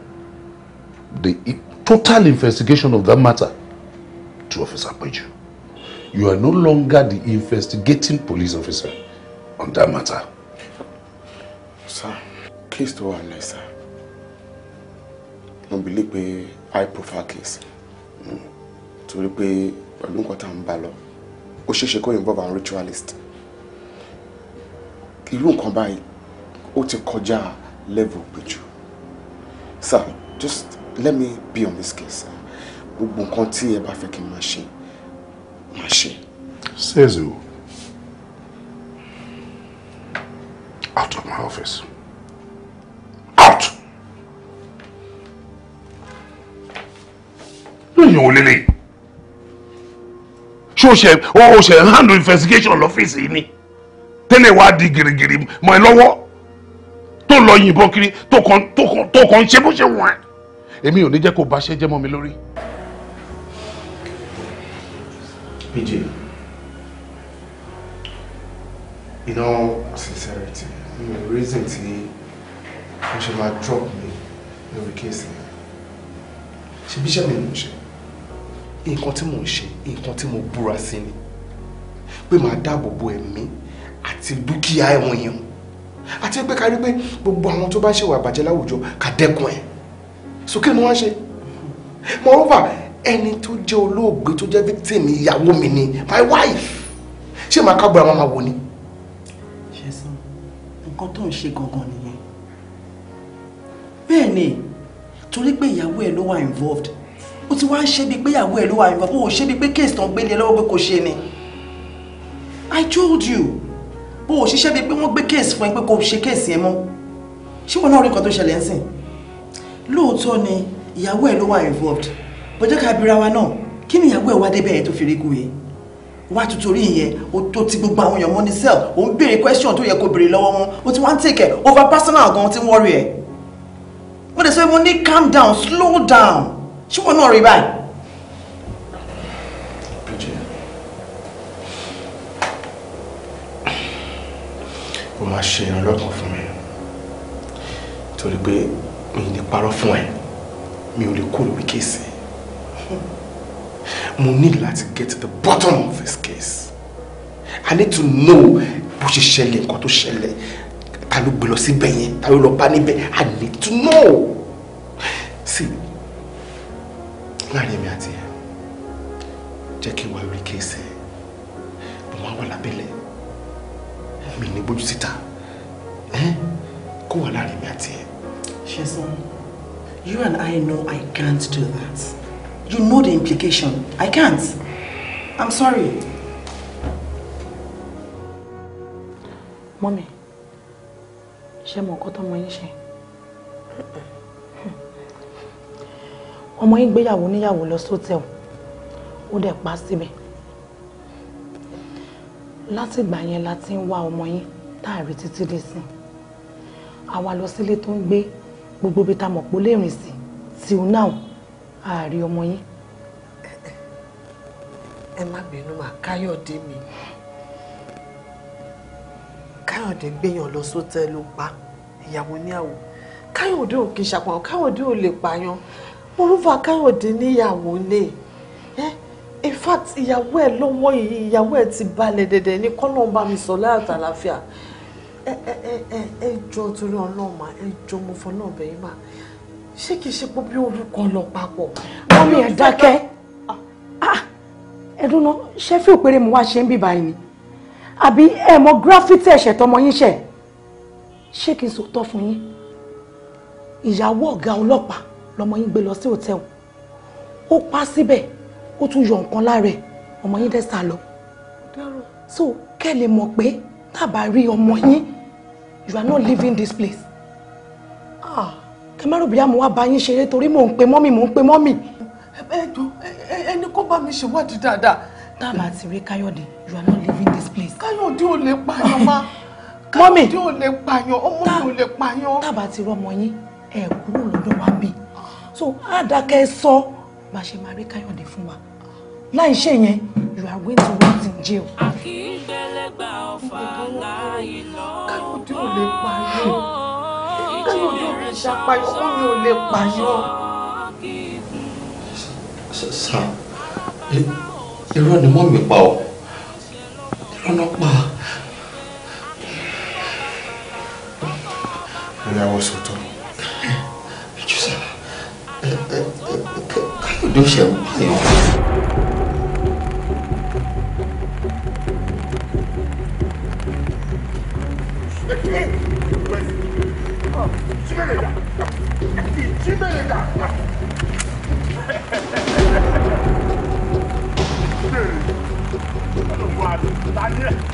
the total investigation of that matter to officer peju you are no longer the investigating police officer on that matter. sir case tó wà ń lẹ mo believe pé high profile case mm, torí pé pẹ̀lú nǹkan tá à ń bá lọ ó ṣeéṣe kó involve àwọn ritualist irú nǹkan báyìí ó ti kọjá level gbèjú sir just let me be on this case sir gbogbo nǹkan tí ẹ bá fẹ́ kí n máa ṣe máa ṣe. says who out of my office. lóyún olélẹ̀ ṣé o ṣe o ṣe handle investigation lọ́fíìsì yìí ni tẹ́lẹ̀ wá di gìrìgìrì mọ́ ẹ lọ́wọ́ tó lọ yìnbọn kiri tó kàn tó kàn ṣe bó ṣe wọ̀n ẹ́ èmi ò ní jẹ́ kó baṣẹ́ jẹ́ mọ́ mi lórí. PJ, in all sincerity, mi ò reason tí wọ́n ṣe máa drop me lórí kéèsì yẹn ṣe bí iṣẹ́ ló ń ṣe nǹkan tí mò ń ṣe nǹkan tí mo búra sí ni pé màá dáàbò bo ẹ̀mí àti dúkìá ẹ̀wọ̀n yẹn àti pé ká rí pé gbogbo àwọn tó bá ṣèwà àbàjẹ́ láwùjọ ká dẹ́kun ẹ̀ sókè ni wọ́n ṣe moreover ẹni tó jẹ́ olóògbé tó jẹ́ victim ìyàwó mi ni my wife ṣé màá ká gbọ́ra máa wò ni. ṣe sọ nǹkan tó ń ṣe gangan nìyẹn bẹ́ẹ̀ ni torí pé ìyàwó ẹ̀ ló wà involved ó ti wá ń ṣe bíi pé ìyàwó ẹ̀ ló wà nípa ó ṣe bíi pé kéèsì tán gbélé lọ́wọ́ pé kò ṣe ni i told you bó o ṣiṣẹ́ bíi pé wọ́n gbé kéèsì fún ẹ pé kò ṣe kéèsì ẹ mọ́ ṣé wọn náà rí nǹkan tó ṣẹlẹ̀ ń sìn lóòótọ́ ni ìyàwó ẹ̀ ló wà involved bọ́jọ́ ká bira wa náà kí ni ìyàwó ẹ̀ wá débẹ̀ yẹn tó fi rékú yẹn wá tutori yẹn o tó ti gbogbo àwọn èèyàn mọ́ ní cell o ń béèrè question tó yẹ kó béèrè lọ́wọ́ wọn o ti wá ń take ẹ̀ over personal gan ti ń worry ẹ̀ mo dẹ̀ sọ pé mo ní calm down slow down ṣé wọn náà rí báyìí. o máa ṣe ìrànlọ́kàn fún mi torí pé mi ò lè parọ́ fún ẹ mi ò lè kó lórí kéèsì mo need láti get to the bottom of this case i need to know bó ṣe ṣẹlẹ̀ nǹkan tó ṣẹlẹ̀ ta ló gbé lọ síbẹ̀ yẹn ta ló lọ bá níbẹ̀ i need to know see láàrin èmi àti ẹ jẹ́ kí wà lórí kéèsì ẹ mo máa wà lábẹ́lẹ̀ mi ní gbójú síta kó wà láàrin èmi àti ẹ. Sheson, you and I know I can't do that. You know the implication. I can't. I'm sorry. Mọ́mí, ṣé mo kọ́ tọ́mọ yín ṣe? ọmọ yín gbéyàwó níyàwó lọ sótẹ́ẹ̀lì ó dẹ̀ pa síbẹ̀ látìgbà yẹn la ti ń wá ọmọ yín táàrí títí dé sí àwa lọ sílé tó ń gbé gbogbo ibi tá a mọ̀ pé ó lè rìn sí till now àárí ọmọ yín. ẹ má bínú mà káyọ̀dé mi káyọ̀dé gbéyàn lọ sótẹ́ẹ̀lì ló pa ìyàwó níyàwó káyọ̀dé ò kì í ṣàpọ̀n káyọ̀dé ò lè pààyàn olúfa káyọ̀dé níyàwó lè in fact ìyàwó ẹ̀ lọ́wọ́ yìí ìyàwó ẹ̀ ti balẹ̀ dẹ̀dẹ̀ ní kọ́lọ́ọ̀bá mi sọ láyàtà lafia, eh eh eh eh ẹ jọ torí ọlọ́run mà ẹ jọ mo fọ náà bẹ̀yìn mà ṣé kìí ṣe pé bí orúkọ lọ papọ̀. wọ́n mi ẹ̀ dákẹ́ ah, ah, ẹ̀dùn náà ṣé fi òpèrè mi wá ṣe ń bíbá yìí ni àbí ẹ mọ gírafítì ẹ̀ṣẹ̀ tọmọ yín ṣẹ̀ ṣé kìí sòótọ́ fún yín ìyàwó ọ̀gá ọlọ́pàá lọmọ yín gbé lọ sí hòtẹ́ẹ̀lì ó pa síbẹ̀ ó tún yọ nǹkan lára ẹ̀ ọmọ yín dẹ̀ lọ so kẹ́ lè mọ̀ pé tábà rí ọmọ yín you are not leaving this place ah kẹ má rò bí àmọ́ wá bá yín ṣeré torí mò ń pe mọ́mì mò ń pe mọ́mì. ẹ jọ ẹni kó bá mi ṣèwádìí dáadáa. tábà ti rí káyọ̀dé you are not leaving this place. káyọ̀dé ò lè pààyàn má káyọ̀dé ò lè pààyàn ọmọ mi ò lè pààyàn. tábà ti rọmọ yín ẹ kúrò lọ́dọ̀ wa mi so àdàkẹ́ sọ bá ṣe máa rí káyọ̀dé fún wa láì ṣe yẹn you are going to wait in jail. àkíngbẹ́lẹ́gbà ọ̀fà láàyè lọ. káyọ̀dé ò lè pààyàn káyọ̀dé ò lè ṣàpàyàn ó mi ò lè pààyàn. sà irọ́ ni mọ́ mi pa ọ́ irọ́ náà pa. ìyàwó sọ̀tọ̀. 就行，行。你，我，准备了，准备了，准备了，是，总管，打你。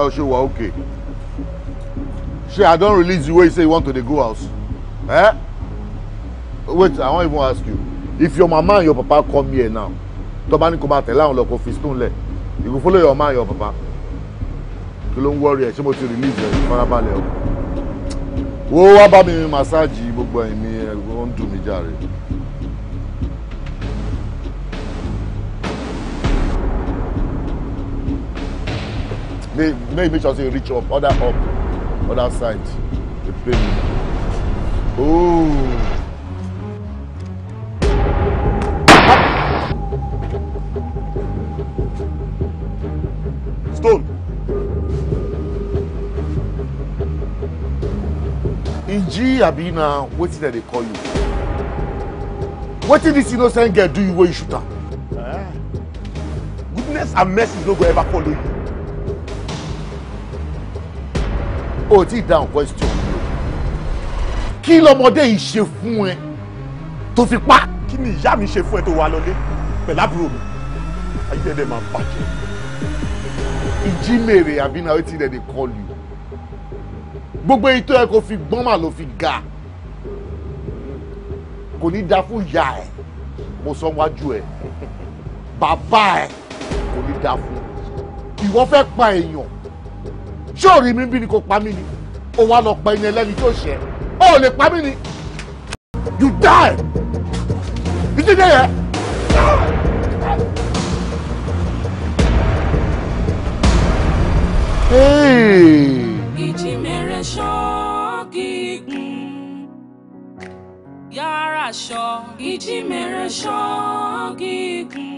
Ìyá Oṣuwa okay. Shey I don release you wey you say you want to dey go house. Eh? Wait, I wan even ask you. If your mama and your papa come here now, tó bá ní kó máa tẹ̀lé àwọn lọ́kọ̀ fistun lẹ̀, you go follow your mama and your papa. Kí ló ń wọ́ọ̀rì ẹ̀ ṣé mo ti release ẹ̀ farabalẹ̀ o? Wo wá bá mi massage gbogbo ẹ̀mí ẹ̀ ń dùn mí jàre. make make make sure say reach up other up other side dey pain me ooo. Oh. stone inji abi na wetin dem dey call you wetin dis innocent girl do you wey you shoot am eh? goodness and mercy no go ever follow you o ti dáhùn question kí lọmọdé yìí ṣe fún ẹ tó fi pa. kí ni ìyá mi ṣe fún ẹ tó wà lọlé pẹ̀lú àbúrò mi ayé ẹ̀dẹ̀ máa bàjẹ́ ìjímèrè àbí náà ó ti rẹ̀ dey call you gbogbo ètò ẹ kò fi gbọ́n mà ló fi ga kò ní da fún ìyá ẹ mo sọ wájú ẹ bàbá ẹ kò ní da fún ìwọ fẹ́ pa èèyàn ṣé ò rí mi bí ni kò pa mí ni ó wá lọ pa ẹni ẹlẹ́ni tó ṣẹ ó lè pa mí ni you die ìdílé yẹn. ìjìmẹ̀rẹ̀ ṣọ́ọ̀gì yàrá ṣọ ìjìmẹ̀rẹ̀ ṣọ́ọ̀gì gùn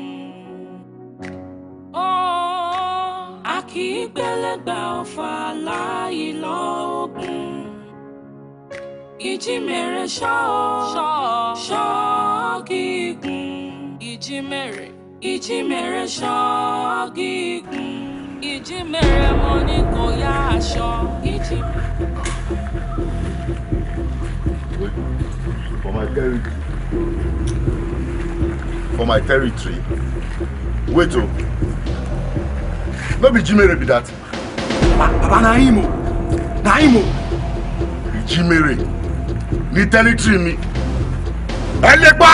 kì í gbẹlẹgbà ọfà láàyè lọgùn ìjímèrè ṣọ ṣọ gígùn ìjímèrè ìjímèrè ṣọ gígùn ìjímèrè wọn ni kò yá aṣọ ìjímèrè. For my territory. For my territory. Wait oh no be jimere be that. baba na o na o jimere ní tẹ́lítírì mi ẹ lè pa.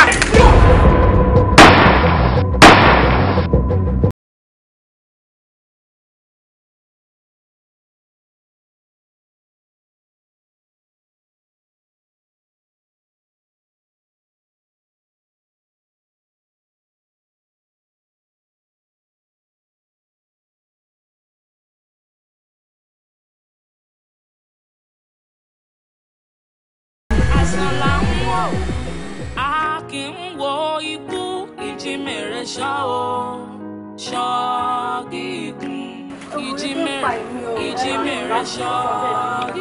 aṣọ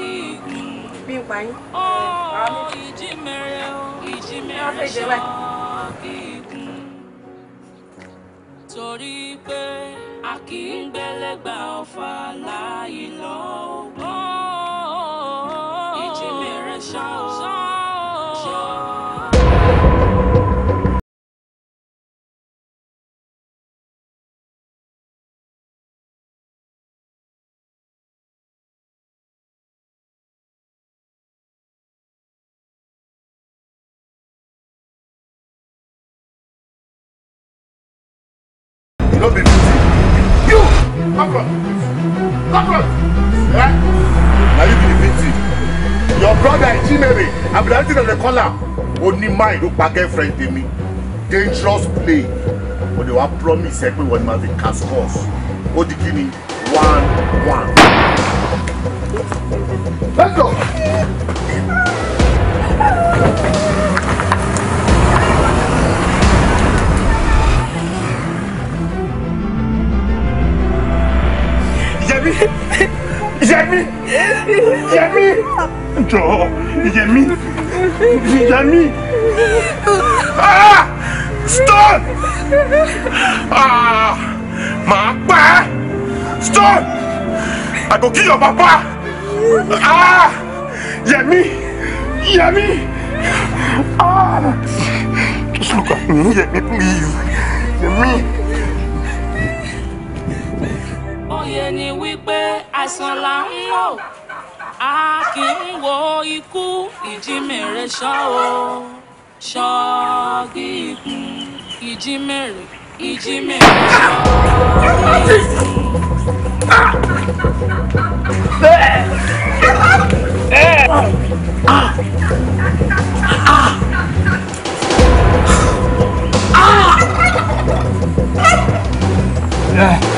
ìgbì. mi ń pa torí pé a kì í gbẹlẹ́gbà ọ̀fà láàyè lọ́wọ́. you no be beauty you cockroach cockroach eh na you be the beauty your brother Ejimere abdulhadi na dey call am onímọ̀ ló pa girlfriend tèmi dangerous play o dey wa promise ẹ eh, pé wọ́n ni máa fi cast course ó di kí ni one one. let's go. Yẹmí Yẹmí Yẹmí jọ Yẹmí Yẹmí ah stop ah Papa, stop I go kill your papa ah Yẹmí Yẹmí ah just look at me Yẹmí please Yẹmí òye ni wípé àìsàn là ń wò a kì í wo ikú ìjímèrè ṣọ́ o ṣọ́ọ́gì ìgùn ìjímèrè ìjímèrè ṣọ́ọ́gì ìgùn. Yeah. Ah! Ah!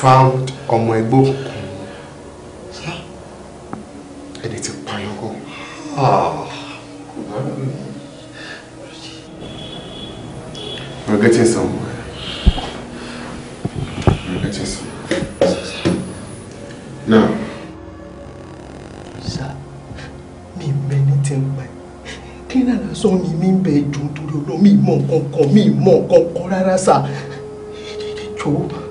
found ọmọ ẹgbẹ́ òkùnkùn ẹni tí payọ́kọ́. We're getting somewhere. We're getting somewhere. Now. Sir, mi mẹ́ ní tí ń pẹ́. Kí ni mi ń bẹ jù torí ọlọ́ mi mọ̀ nǹkan kan mi mọ̀ nǹkan kan rárá sà. Jọ̀wọ́.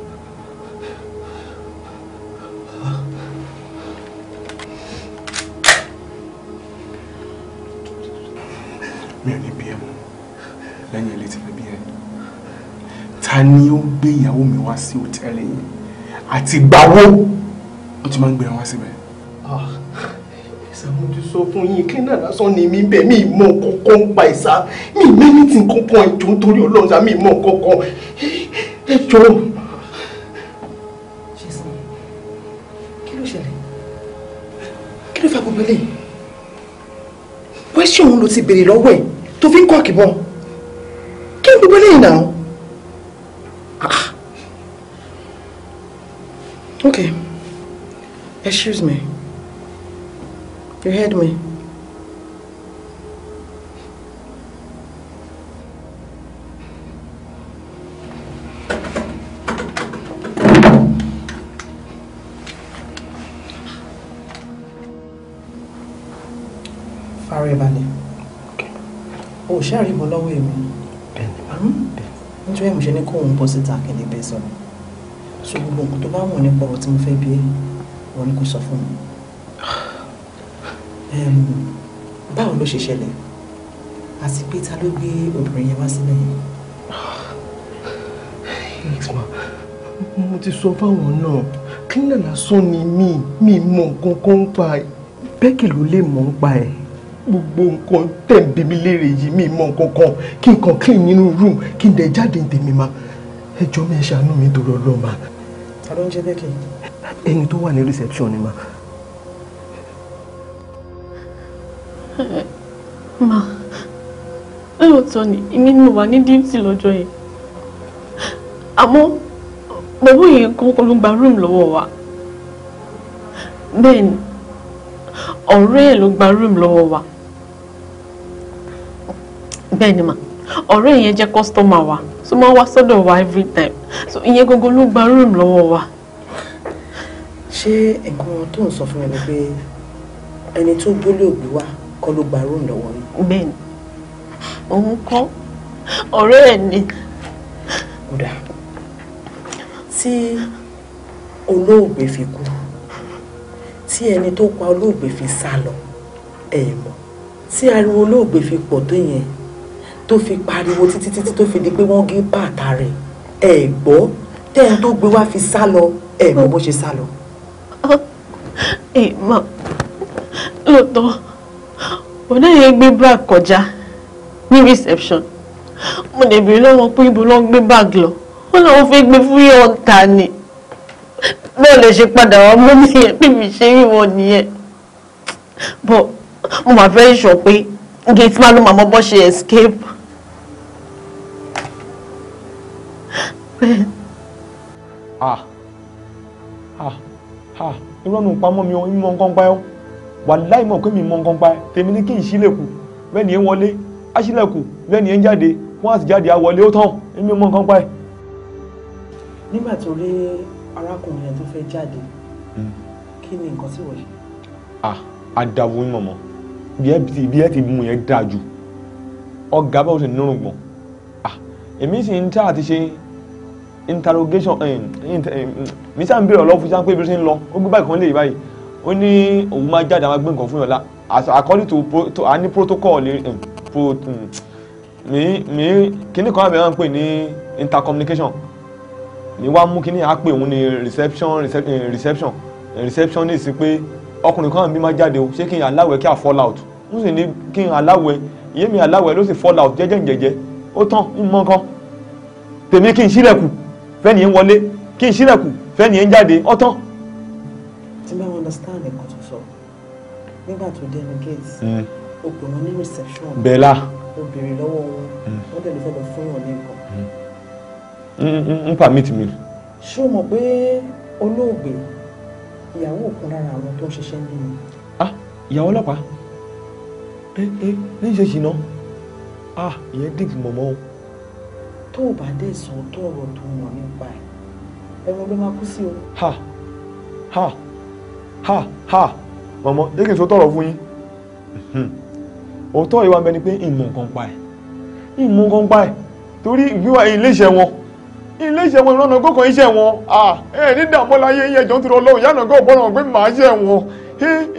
ni ó gbé ìyàwó mi wá sí òtẹ́ẹ̀lì yìí àti gbàwó ó ti máa ń gbé wọn síbẹ̀. ìsàmójú ah, sọ fún yín kí náà lásán ni mi bẹ̀ mí mọ kọ́kọ́ ń pa ìsá mi mi ní ti kọ́kọ́ ẹ̀jọ̀ nítorí ọlọ́run sá mi mọ kọ́kọ́ ẹ̀jọ̀. kí ló ṣẹlẹ̀ kí ló fa gbogbo eléyìí wẹ́ṣẹ̀ òun ló ti béèrè lọ́wọ́ ẹ̀ tó fi ń kọ́ àkìbọn kí ló gbogbo eléyìí náà. Okay. Excuse me. You heard me. farabalẹ̀ o ṣe àríbọ̀ lọ́wọ́ èmi hmm? nítorí mo ṣe ní kóun bọ́ síta kí n lè bẹ́ẹ̀ sọ̀rọ̀ so gbogbo nǹkan tó bá wù nípa ọ̀rọ̀ tí mo fẹ́ bí ẹ wọ́n ní kó sọ fún mi báwo ló ṣe ṣẹlẹ̀ àti pé ta ló gbé obìnrin yẹn wá sílẹ̀ yẹn. mo ti sọ fáwọn náà kílẹ̀ lásán ni mí mi mọ nǹkan kan ń pa bẹ́ẹ̀kì ló lè mọ̀ ń pa ẹ̀ gbogbo nǹkan tẹ̀ léèrè yìí mi mọ nǹkan kan kí n kàn clean nínú room kí n dẹ̀ jáde tèmi ma ẹ jọ̀ọ́ mi ẹ ṣàánú mi dòrò ọlọ́mà ló ń jẹ Becky. ẹni tó wà ní reception ni ma. ma lóòótọ́ ni èmi ni mo wà ní díìtì lọ́jọ́ yẹn àmọ́ bọ̀bọ̀ yẹn kọ́kọ́ ló gba rúùmù lọ́wọ́ wa bẹ́ẹ̀ ni ọ̀rẹ́ ẹ̀ ló gba rúùmù lọ́wọ́ wa bẹ́ẹ̀ ni ma ọ̀rẹ́ yẹn jẹ́ kọ́sítọ́mà wa. So máa ń wá sọ́dọ̀ wa every time so ìyẹn gbogbo ló gba room lọ́wọ́ wa. ṣé nǹkan tó ń sọ fún mi ni pé ẹni tó gbólóògbé wá kọ́ ló gba room lọ́wọ́ yìí. Ben. òun kọ́ ọ̀rẹ́ ẹ̀ ni. kódà tí olóògbé fi kú tí ẹni tó pa olóògbé fi sá lọ ẹ̀ mọ̀ tí ariwo olóògbé fi pọ̀ tó yẹn tó fi pariwo títí títí tó fi di pé wọ́n gé bàtà rẹ̀ ẹ̀ gbọ́ tẹ́yìn tó gbé wá fi sá lọ ẹ̀ mọ̀ bó ṣe sá lọ. ẹ mọ lóòótọ́ ọ̀dà yẹn gbé bag kọjá ní reception mo lè béèrè lọ́wọ́ pé ibo ló ń gbé bag lọ wọ́n làwọn fẹ́ gbé fúyẹ́ ọ̀tá ni bẹ́ẹ̀ lè ṣe padà wá mú nìyẹn pé mi ṣe rí wọn nìyẹn bọ́ mo máa fẹ́ sọ pé gate man ló máa mọ bó ṣe escape. ah ah ah irọ́ nù pamọ́ mi ò ń mọ nǹkan pa ẹ́ wàláì mọ̀ pé mi mọ nǹkan pa ẹ́ tèmi ní kí n ṣílẹ̀kùn bẹ́ẹ̀ ni ẹ wọlé á ṣílẹ̀kùn bẹ́ẹ̀ ni ẹ ń jáde wọ́n á sì jáde á wọlé ó tán èmi mọ nǹkan pa ẹ́. nígbà tó rí arákùnrin yẹn tó fẹ́ jáde hmm. kí ni nǹkan tí wọ́n ṣe. ah adáwo ń mọ̀ mọ́ ibi ẹ ti mú yẹn dáa jù ọ̀gá báwo ṣe nírun gbọ̀n èmi sì ń tà àti ṣe interrogation eh, eh, mi sáà ń bèrè ọlọ́fun sáà ń pé ibi ṣe ń lọ ó gbé báyìí kan lè yí báyìí ó ní òun máa jáde àwọn agbẹ́ǹkan fún yọ̀ọ́lá according to a ní protocol eh, hmm, mi mi kíní kan àbẹ̀wò ń pè ní intercommunication mi wá mú kíní àpè òun ní reception reception receptionist pé ọkùnrin kan mi máa jáde o ṣé kí n aláwẹ̀ kí a fall out n sì ní kí n aláwẹ̀ ìyé mi aláwẹ̀ ló sì fall out jẹ́jẹ́ jẹ́jẹ́ ó tán ń mọ nǹkan tèmi kí n ṣílẹ̀kù fẹ́ni yẹn wọlé kí n ṣílẹ̀kù fẹ́ni yẹn jáde ó tán. tí bá wọn understand ẹ̀kọ́ tó sọ nígbà tó dé ẹnu gate òpònà ní reception bẹ́ẹ̀la obìnrin lọ́wọ́ wọn wọ́n dẹ̀ ló lọ fún yàn ní nǹkan. n permit me. ṣé o mọ̀ pé olóògbé ìyàwó ọ̀kan lára àwọn tó ń ṣiṣẹ́ nílé mi. ah ìyàwó ọlọ́pàá ẹ ẹ ní ṣe ṣìnà ah ìyẹn dìbò mọ̀mọ́ o. tó o bá dé sọ tó ọ̀rọ̀ tó mọ̀ nípa ẹ̀ ẹ̀wọ̀n ló máa kú sí o. ha ha ha ha mọ̀mọ́ jẹ́ kí n sọ tọ̀rọ̀ fún yín òótọ́ ìwà ń bẹ ni pé ìmọ̀ nǹkan pa ẹ̀ ìmọ̀ nǹkan pa ẹ̀ torí ìgbéwà ilé iṣẹ́ wọn ilé wọn ìrànà gòkàn iṣẹ́ wọn ẹ ní dààmú láyé yẹn jọ ń turu ọlọ́run yánà gò bọ́ràn pé màá ṣe wọn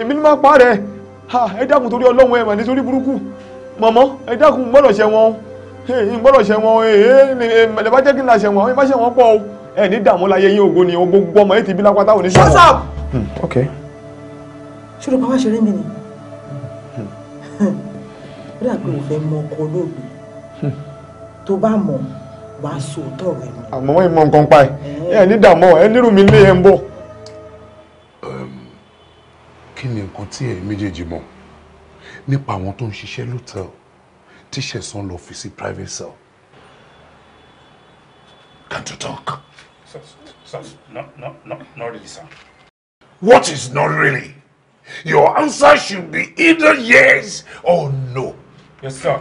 èmi ní má pa rẹ ẹ dákun torí ọlọ́run ẹ ní sórí burúkú mọ̀mọ́ ẹ dákun gbọ́dọ̀ ṣe wọn ń gbọ́dọ̀ ṣe wọn ẹ bá jẹ́ kí n la ṣe wọn ẹ bá ṣe wọn pọ̀ o ní dààmú láyé yín ògo ni gbogbo ọmọ yìí ti bí lápá táwọn hmm, hmm. hmm. tó bá mọ̀ wà á sọ òótọ́ àmọ́ wọ́n mọ nǹkan pa ẹ̀ ẹ̀ ní dààmú ẹ̀ nírú mi lé ẹ̀ ń bọ̀. kí ni nǹkan tí ẹ̀ méjèèjì mọ̀ nípa àwọn tó ń ṣiṣẹ́ lótẹ́ẹ̀lì tí Ṣẹ̀san lọ fi sí private cell Can't you talk? not really, sir. What is not really? Your answer should be either yes or no. Yes, sir.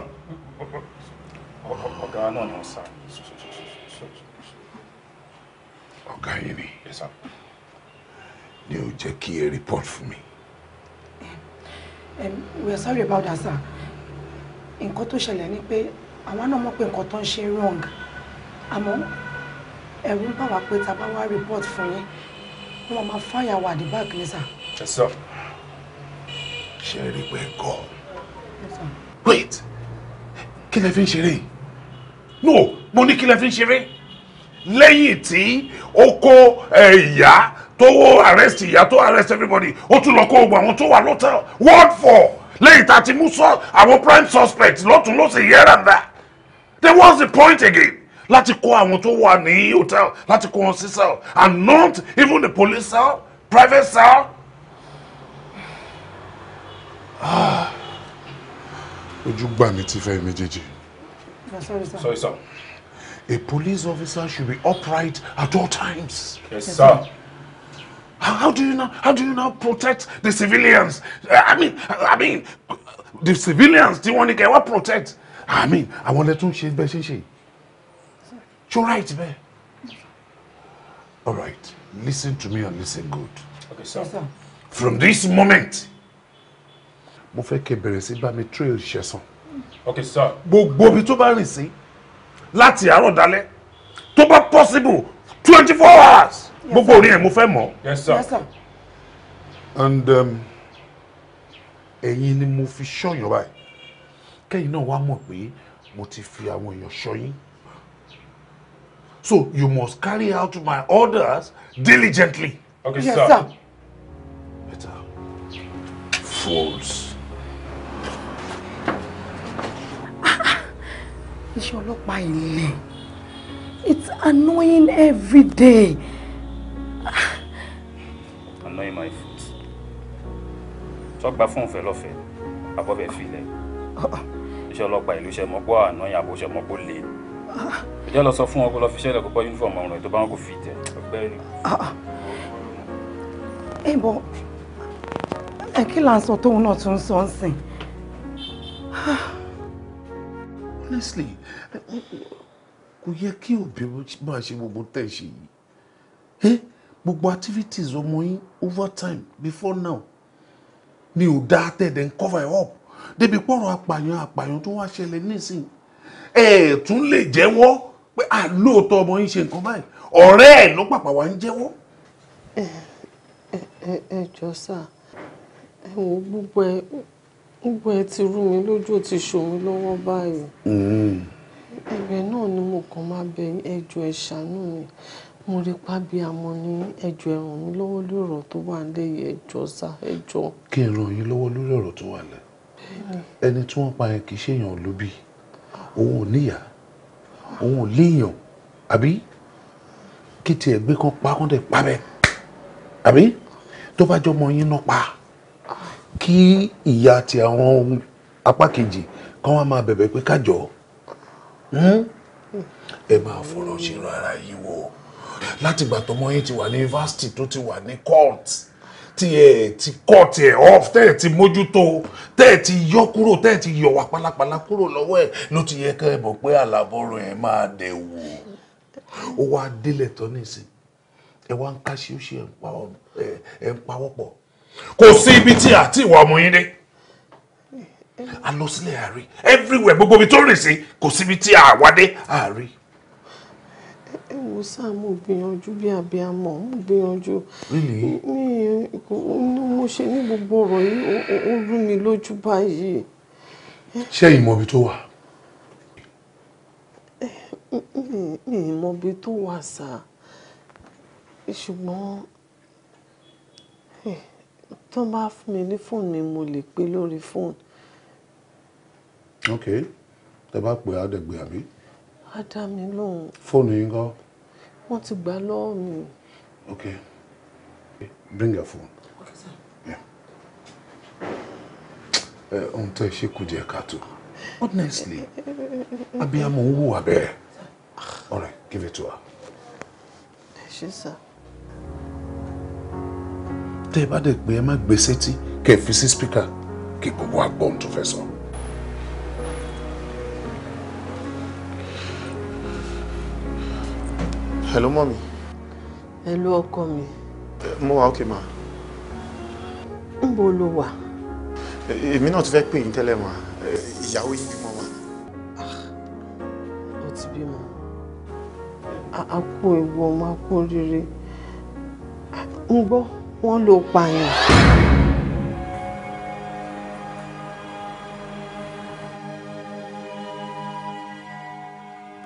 Ọ̀gá náà ni wọ́n sá. ọ̀gá yìí ni ni ò jẹ́ kí ẹ report fún mi. we are sorry about that sir nǹkan tó ṣẹlẹ̀ ni pé àwọn náà mọ̀ pé nǹkan tó ń wrong Amo, ẹ̀rù ń bà wá pé tá a report fún yín wọ́n máa fire wà the back, ni sir. yes sir ṣe rí pé kọ́ wait kí lẹ fi ń ṣeré no mo ní kí lẹ fi lẹ́yìn tí ó kó ìyá tó arrest ìyá tó arrest everybody ó tún lọ kó gbogbo àwọn tó wà lọ́tẹ̀ what for lẹ́yìn tá a ti mú sọ àwọn prime suspects lọ́tún lọ́sẹ̀ here and there then what's the point again láti kó àwọn tó wà ní hotel láti kó wọn sí cell and not even the police cell private cell. Ah. ojú gbà mí ti fẹ́ méjèèjì. sorry sir. A police officer should be upright at all times. Yes, sir. How, how do you now? How do you now protect the civilians? I mean, I mean, the civilians. Do you want to get what protect. I mean, I àwọn lẹ́tún ṣe bẹ́ẹ̀ ṣe she? You're right bẹ́ẹ̀. All right, listen to me and listen good. Okay, sir. Yes, sir. From this moment, mo fẹ́ kẹ́ bẹ̀rẹ̀ sí bá mi trail ṣẹ̀sán. Okay, sir. Gbogbo ibi tó bá rìn sí láti àárọ̀ dalẹ́ tó bá possible twenty four hours gbogbo orin ẹ̀ mo fẹ́ mọ̀. yes sir. and um, ẹ̀yin ni mo fi ṣọ́yàn báyìí kẹ́yìn náà wá mọ̀ pé mo ti fi àwọn èèyàn ṣọ́yìn so you must carry out my orders diligently. okay yes, sir. sir. better fools. iṣẹ́ ọlọ́pàá ilẹ̀ it's annoying every day. annoying my foot tọ́gbà fún òfẹ́ lọ́fẹ̀ẹ́ abọ́fẹ́ filẹ̀ iṣẹ́ ọlọ́pàá ìlú iṣẹ́ mọ́pọ́ annoying àbò iṣẹ́ mọ́pọ́ lè ìjọ lọ sọ fún wọn kó lọ fi iṣẹ́ lẹ́kọ̀ọ́ bọ́ uniform ọ̀run ètò bá wọn kò fi tẹ̀ ọgbẹ́rin. ẹ bọ ẹ kí là ń sọ tóun náà tún sọ ń sìn. honestly kò yẹ kí òbí máa ṣe gbogbo tẹ̀ ṣe yìí ẹ gbogbo activities ọmọ yín over time before now ni ò dáa tẹ̀ then cover up débi pọ̀rọ̀ apààyàn apààyàn tó wá ṣẹlẹ̀ nísìn ẹ̀ tún lè jẹ́wọ́ pé àlóòótọ́ ọmọ yín ṣe nǹkan báyìí ọ̀rẹ́ ẹ̀ ló pàpà wá ń jẹ́wọ́. ẹ ẹ ẹ jọ sá ẹ wo gbogbo ẹ gbogbo ẹ ti rú mi lójú ó ti ṣò mí lọ́wọ́ báyìí ẹ̀bẹ̀ mm. náà ni mo kàn máa bẹ ẹjọ́ ẹ ṣàánú mi mo rí pábí àmọ́ ní ẹjọ́ ẹ ràn mí lọ́wọ́ lórí ọ̀rọ̀ tó wà lẹ́yìn ẹjọ́ sá ẹjọ́. kí n ràn yín lọ́wọ́ lórí ọ̀rọ̀ tó wà lẹ́ ẹni tí wọ́n pa yẹn kì í ṣèyàn olóbì òun ò níyà òun ò léèyàn àbí kí tiẹ̀ gbé kan pa kán dẹ̀ pa bẹ́ẹ̀ àbí tó bá jọ ọmọ yín náà pa kí ìyá àti àwọn apá kejì kán wá máa bẹ̀bẹ̀ pé kájọ hmm? ẹ máa fọ̀rọ̀ ṣèrò ara yìí wò látìgbà tọmọ yín ti wà ní yunifásitì tó ti wà ní court tí ẹ ti court ẹ off tẹ́ ẹ ti mójútó tẹ́ ẹ ti yọ kúrò tẹ́ ẹ ti yọ pálapàla kúrò lọ́wọ́ ẹ ló ti yẹ kẹ́ ẹ mọ̀ pé àlàbọ̀rọ̀ ẹ máa dẹ̀ wò ó wá délẹ̀ tán nísìn ẹ wá ń káṣí ó ṣe ẹ ń pawọ́pọ̀ kò sí ibi tí àti ìwà ọmọ yín dé a lọ sílẹ̀ àárí everywhere gbogbo ibi tó rìn sí kò sí ibi tí àwa dé àárí. ẹ wo sáà mo gbìyànjú bí abiyamọ mo gbìyànjú mi mo ṣe ní gbogbo ọ̀rọ̀ yìí ó rú mi lójú báyìí. ṣé ìmọ̀ ibi tó wà mi ì ibi tó wà sá ṣùgbọ́n tó bá fún mi ní fóònù mi mo lè pè lórí fóònù. ok tẹ bá pè á dẹgbẹ àbí. á dá mi lóhùn. fóònù yín kọ́. wọ́n ti gbà lọ́wọ́ mi. ok bring your phone. okay sir. yeah. ẹ ṣe kù díẹ̀ káàtó honestly abiyamọ ń hùwà bẹ́ẹ̀ all right give it to her. ẹ ṣe sá tẹ́ ẹ bá dẹ̀ pé ẹ má gbé sétí kẹ́ ẹ fi sí spíkà kí gbogbo àgbọ̀ ohun tó fẹ́ sọ. hello mọ́mi. hello ọkọ mi. mo wà ókè mà. níbo lo wà. èmi náà ti fẹ́ pè yín tẹ́lẹ̀ mà ìyàwó yín bímọ mà. Ah, ó ti bímọ a kú ewu ọmọ a kú rere ń gbọ́ wọ́n ló pààyàn.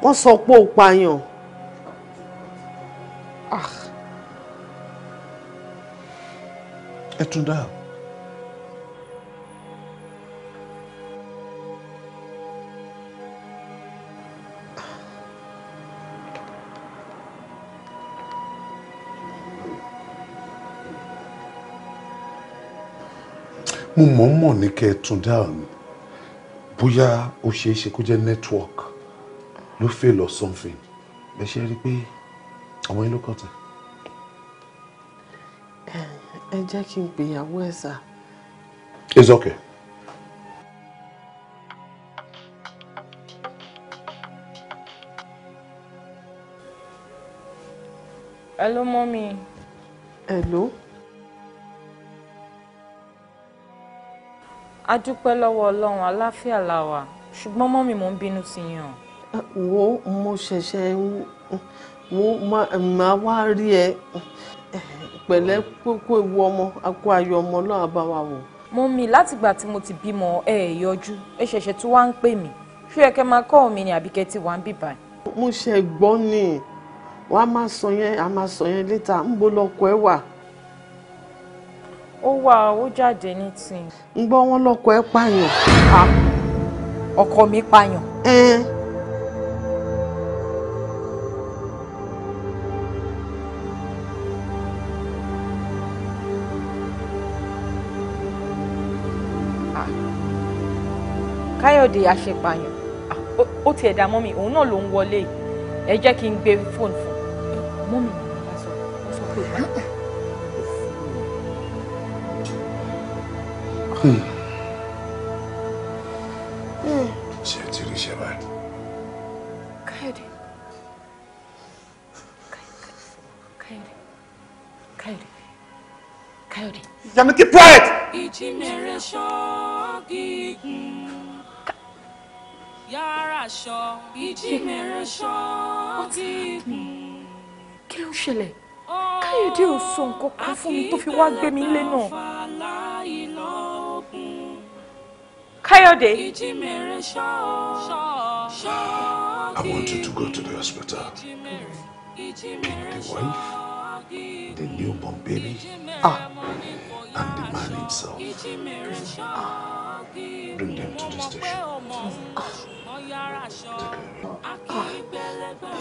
wọ́n sọ pé ó pààyàn. Ah. ẹ tún dáa. mo mọ̀ọ́mọ̀ ní kẹ́ ẹ tún dáhùn ni bóyá ó ṣeé ṣe kó jẹ́ network ló fail or something ẹ ṣe rí i pé ọmọ yín ló kàn tẹ̀. ẹ jẹ́ kí n gbìyàwó ẹ̀ sà. it's okay. Hello, mommy. Hello. a dúpẹ́ lọ́wọ́ ọlọ́run aláfíà la wà ṣùgbọ́n mọ́mì mò ń bínú sí yàn. wo mo ṣẹ̀ṣẹ̀ wo máa wá rí ẹ pẹ̀lẹ́ kókó ewu ọmọ akó ayọ̀ ọmọ náà bá wa wò. mọ́mì látìgbà tí mo ti bímọ ẹ ẹ yọjú ẹ ṣẹ̀ṣẹ̀ tí wàá ń pè mí ṣé ẹ kẹ́ máa kọ́ mi ni àbíkẹ́ ti wà ń bìbà. mo ṣe gbọ́ ni wàá máa sọ yẹn a máa sọ yẹn létà ń bo lọkọ ẹ wà ó wà ó jáde ní tì. ń gbọ́ wọn lọ́kọ ẹ pààyàn. ọkọ mi pààyàn. káyọ̀dé àṣepààyàn ó tiẹ̀ dá mọ́mì òun náà ló ń wọlé ẹ jẹ́ kí n gbé fóònù fún un mọ́mì ló sọ pé ó máa. ṣé kí ló ń ṣẹlẹ̀ Káyọ̀dé ò sọ nǹkan kan fún mi tó fi wá gbé mi lé náà. Kayode. I want you to go to the hospital. Pick the wife, the newborn baby, ah. and the man himself. Ah. Bring them to the station. Ah.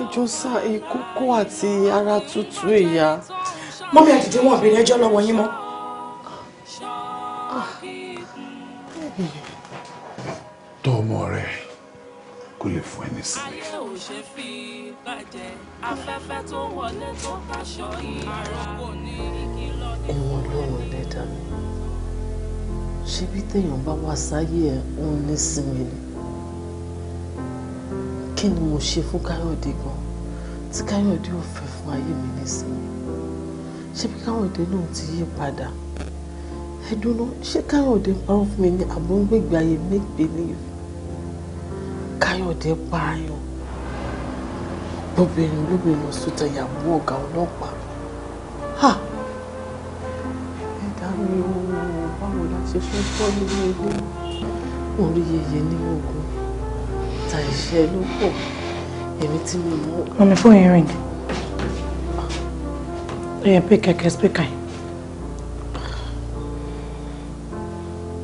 ẹjọ́ sá ikú kó àti ara tútù ìyá. mọ́mí àtìdé wọn ò béèrè ẹjọ́ lọ́wọ́ yín mọ́. tọ́ ọmọ rẹ kó lè fún ẹ nísìnyí. ayé ò ṣe fi bàjẹ́ afẹ́fẹ́ tó wọlé tó fàṣọ yìí ara kò ní igi lọ ní. ìwọ lọ́wọ́ ẹlẹ́dàá mi ṣebí téèyàn bá wá sáyé ẹ̀ ń nísìnyí ni kí ni mo ṣe fún káyọ̀dé gan tí káyọ̀dé ò fẹ́ fún ayé mi nísìnyí ṣebí káyọ̀dé náà ti yí padà ẹ dúró ṣé káyọ̀dé parọ́ fún mi ní àbọ̀ ń gbègbè ayé make believe káyọ̀dé pààyàn lóbìnrin lóbìnrin lọ sùn tẹ̀yàwó ọ̀gá ọlọ́pàá ha ẹ̀dá mi ò báwo la ṣe fẹ́ tọ́ nínú ilé orí yeye ní ogun ta iṣẹ́ ló pọ̀ èmi tí mo mọ̀. mọ̀mí fún yín rìn ẹ yẹ pé kẹ̀kẹ́ spíkà yìí.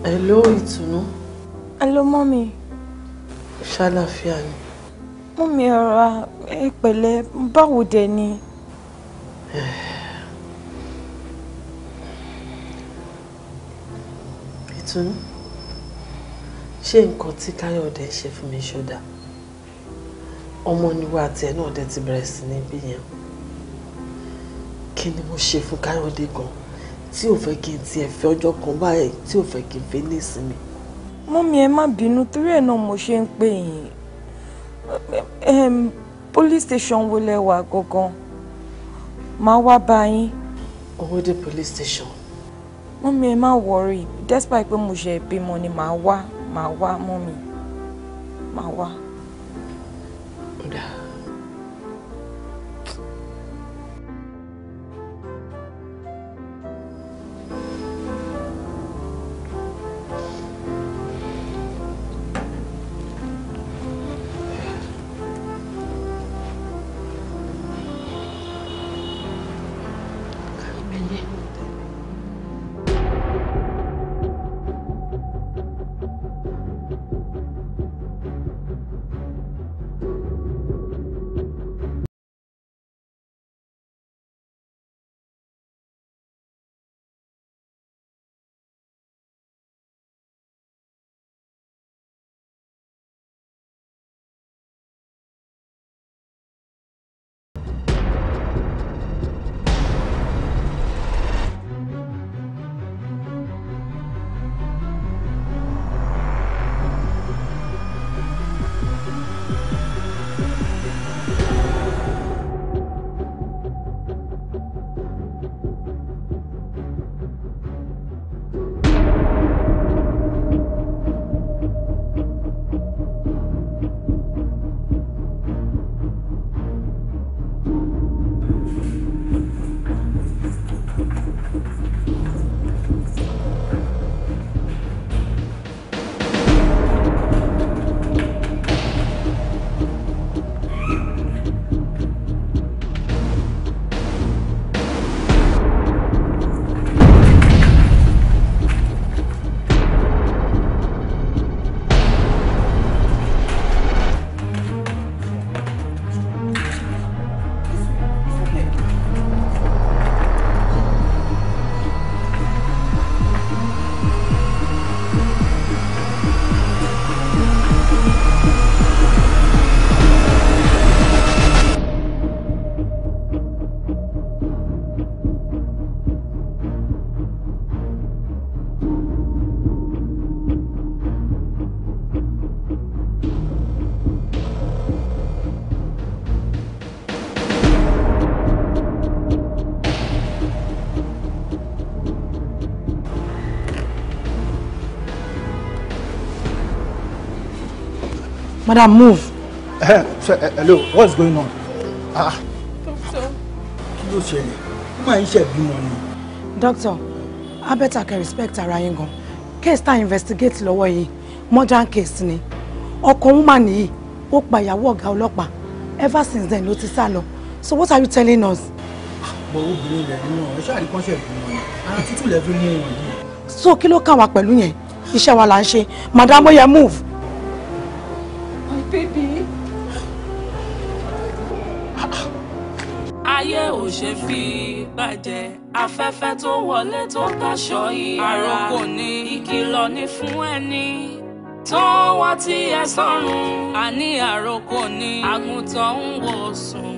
hello ìtùnú. hello mọ́mí ṣàlàfíà ni. mú mi ọ̀rọ̀ ẹ pẹ̀lẹ́ báwo dẹ̀ ni. ìtùnú ṣé nǹkan tí káyọ̀dé ṣe fún mi ṣọ́dà ọmọ níwá àti ẹ̀ náà dẹ̀ ti bẹ̀rẹ̀ sí ní bí yẹn kí ni mo ṣe fún káyọ̀dé gan tí ò fẹ́ kí n tiẹ̀ fẹ́ ọjọ́ kan báyìí tí ò fẹ́ kí n fẹ́ ní ìsinmi mọ́mí ẹ má bínú torí ẹ̀ náà mo ṣe ń pè yín ehm, police station wo lẹ wà gangan máa wá bá yín. Owódé police station. mọ́mí ẹ má wọrí despite pé mo ṣe bímọ ni màá wá màá wá mọ́mí màá wá. Madam, move. Eh, eh, hello, what's going on? Ah. ah. Doctor. Kí Doctor, a better kẹ́ respect ara yín Case tá investigate lọ́wọ́ yìí, modern case ni. Ọkọ woman yìí, ó pa ìyàwó ọ̀gá Ever since then ló ti sá So what are you telling us? Bọ̀ ah, obìnrin ilẹ̀ nínú ọ̀rọ̀ ṣáà rí kọ́ṣẹ́ bímọ ni. Ara tútù lẹ́fí ní ìwọ̀n So kilo ló kàn wá pẹ̀lú yẹn? Iṣẹ́ wa là Madam, ó yẹ move. fi bàjẹ́ afẹ́fẹ́ tó wọlé tó káṣọ ìyára àròkò ní ìkìlọ̀ ní fún ẹni tó wá tí ẹ sọ́run àní àròkò ní àgùntàn ń wò sùn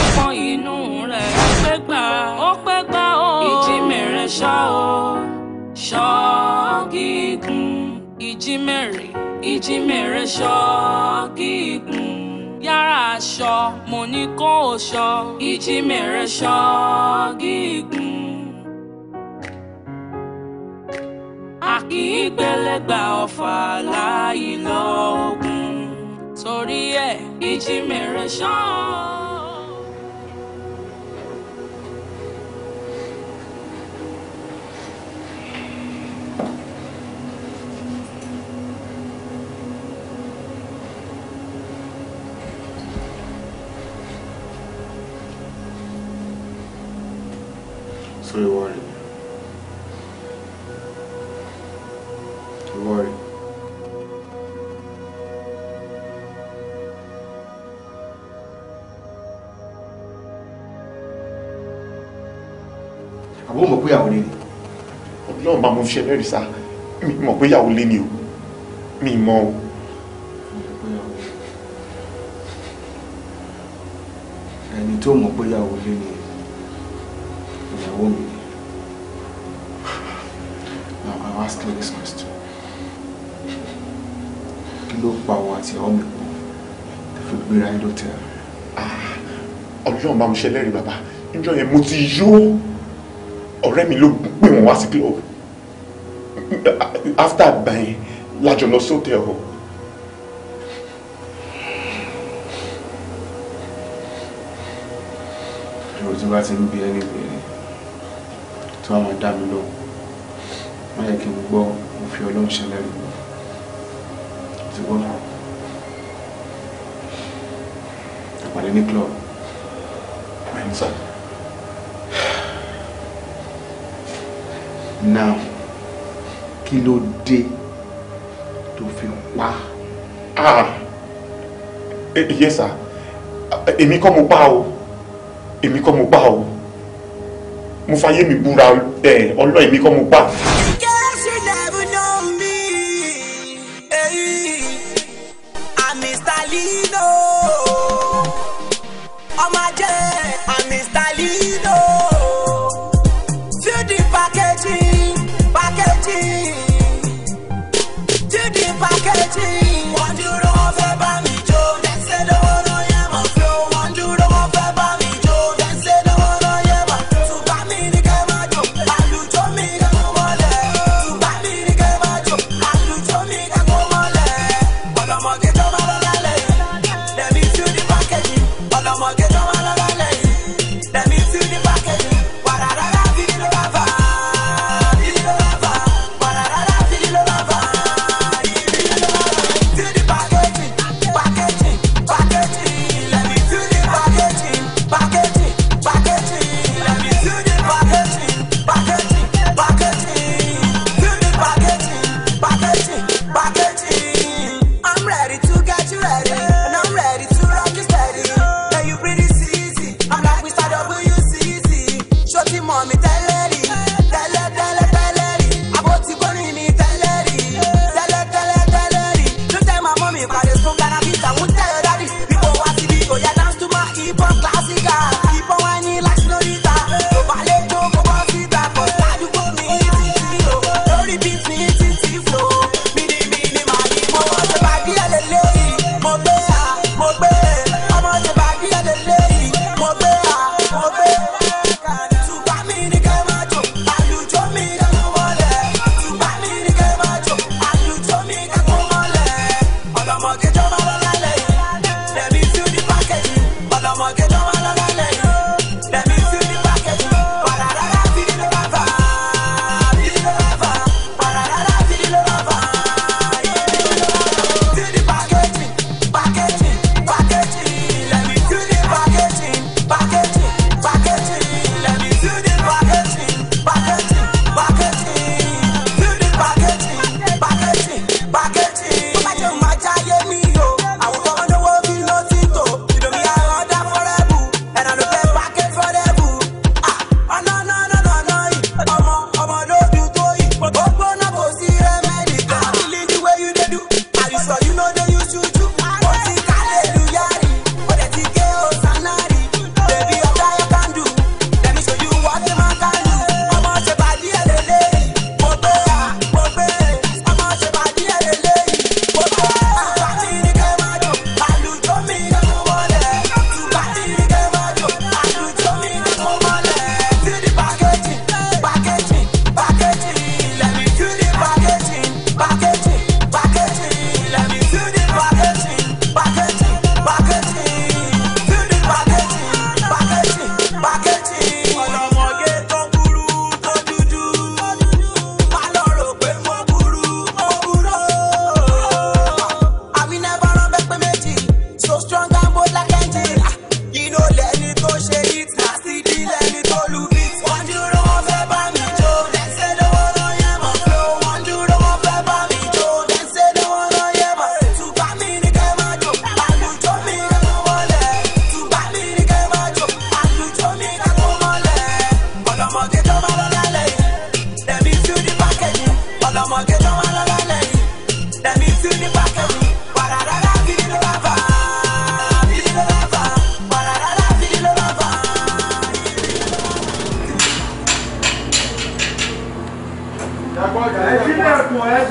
ọpọ́n inú rẹ̀ ó pẹ́ gbà ó pẹ́ gbà ó ìjímèrè ṣọ́ ó ṣọ́ gígùn ìjímèrè ìjímèrè ṣọ́ gígùn yàrá aṣọ mo ní kó o ṣọ ìjì mèrè ṣọ gígùn. àkìgbẹ́lẹ́gbà ọ̀fà láyìí lọ́gùn torí ẹ̀ ìjì mèrè ṣọ. ṣe lẹ́rìí sá mi mọ̀ pé ìyàwó lé ni o mi mọ̀ o. ẹni tó mọ̀ pé ìyàwó lé ni ìyàwó mi ni. Now I'll ask you this question. Kí ló pa àwọn àti ọmọ mi pọ̀ tó fi gbéra ẹ lọ́tẹ̀ẹ̀? Ọlọ́run bá mi ṣe lẹ́rìí bàbá. Níjọ́ yẹn mo ti yó ọ̀rẹ́ mi ló gbé wọn wá sí club after àgbà yẹn lájọ lọ sóòtẹ ọ. èrò tí bá ti ń bí ẹni bẹ̀rẹ̀ tí wọ́n máa dá mi lóhùn wọ́n yẹ kí n gbọ́ òfin ọlọ́run ṣẹlẹ̀ rẹ̀ ti gbọ́ àpàdé ní club mẹ́ńsà now kí ló dé tó fi pa. Ah. Eh, yes sir èmi kọ́ mo pa o èmi kọ́ mo pa o mo fayé mi búra eh, ọlọ́ èmi kọ́ mo pa.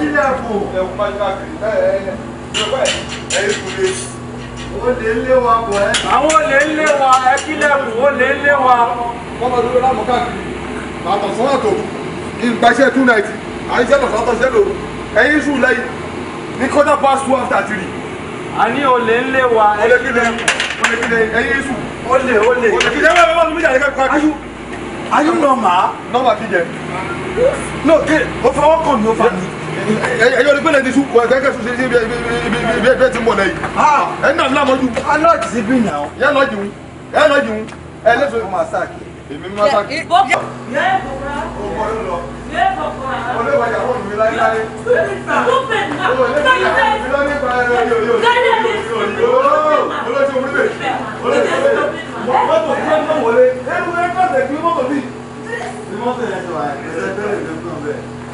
sílẹ̀kùn. ẹ̀kún máa ń gbà kiri bẹ́ẹ̀ ẹ̀yìn kúlé. ó lè lé wa bọ̀ ẹ́. àwọn olè ń lé wa ẹ kílẹ̀kùn ó lè ń lé wa. bọ́lá ló lámú káàkiri bàtà sọ́nà tó kí n gbaṣẹ́ two ninety àyíṣẹ́ lọ́sọ̀ àtọ́ṣẹ́ lòru ẹ̀yìn sùn lẹ́yìn ní kọ́dà past two after three. a ní olè ń lé wa ẹ kílẹ̀kùn. olè kílẹ̀ ẹ̀yìn sùn. olè olè olè kílẹ̀ Are you normal? Normal, Fidel. No, okay. Over all come, no family ẹyọ ni pẹlẹ ti su kọ kẹkẹ su ṣe bí ẹ ti ń bọ lẹ́yìn ẹ náà lámọjú. alọ́ọ̀tì sí bí náà. yẹ lọ́ọ̀jì wù yẹ lọ́ọ̀jì wù ẹ lẹ́sọ̀ ọmọ àsáàkì. èmi máa sáàkì. yẹ kọkọ yẹ kọkọ yẹ kọkọ. olóòwò àyàwó mi láyé láyé. lópin náà lópin náà lópin náà lópin náà lópin náà lópin náà lópin náà mọ́tò tí wọ́n wọlé ẹ̀rù ẹ̀kọ́ tẹ̀ kí mọ́tò bíi. bí mọ́tò yẹn ti wà ẹ̀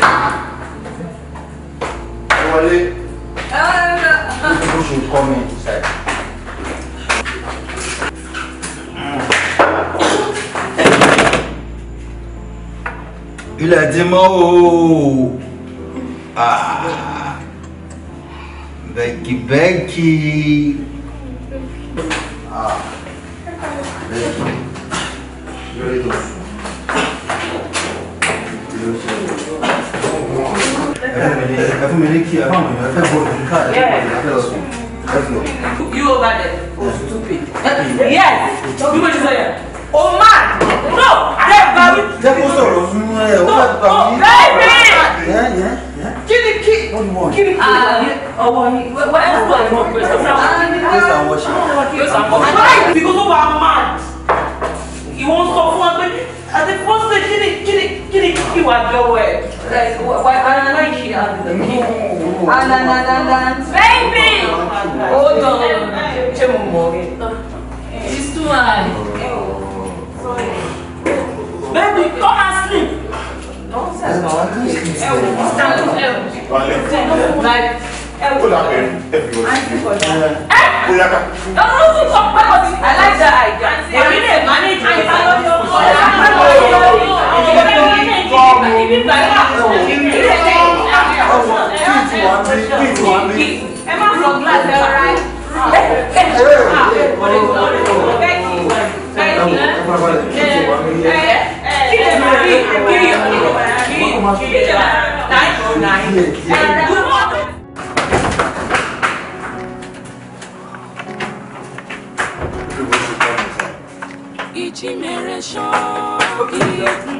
ẹ wọlé. People should come in inside. Ilẹ̀ ti mọ́ ooo. Bẹ́ẹ̀kì bẹ́ẹ̀kì. Bẹ́ẹ̀kì. Yọ̀rẹ́ tó fún. Yọ̀rẹ́ tó fún ẹfún mi ní kí ẹ fáwọn èèyàn fẹ́ bọ̀ ní káàdì ìfẹ́ ọ̀sùn ẹ̀fún. you over there o oh, stupid yes you wait for there o man no ale ba mi. jẹ́ kó sọ̀rọ̀ fún ẹ o fẹ́ gbà mí. bẹ́ẹ̀ni kí ni kí kí ni kí ah, ọwọ́ yìí wẹ́ẹ́ ẹ̀ fún àwọn ọmọ ìgbésẹ̀ fún àwọn ọmọ ìgbésẹ̀ àwọn ọmọ ìgbésẹ̀ àwọn ọmọ ìgbésẹ̀ because ó wà mad ìwọ ń sọ fún wa pé àti fọ́sẹ̀ kí ni kí ni kí wàá jọ̀wọ́ ẹ aláìṣe àdìdàkí ananadada baby hold on ṣé mo mọ̀ ọ́ it's too hard. baby come and sleep. nonsense ma wa ní ìsìn. ẹ wò stand up ẹ wò stand up like. Pull up here, everyone. Hey! Don't lose to talk about it. I like that idea. But you didn't manage it. I love your mother. Ìjì mèrè ṣọ́ọ́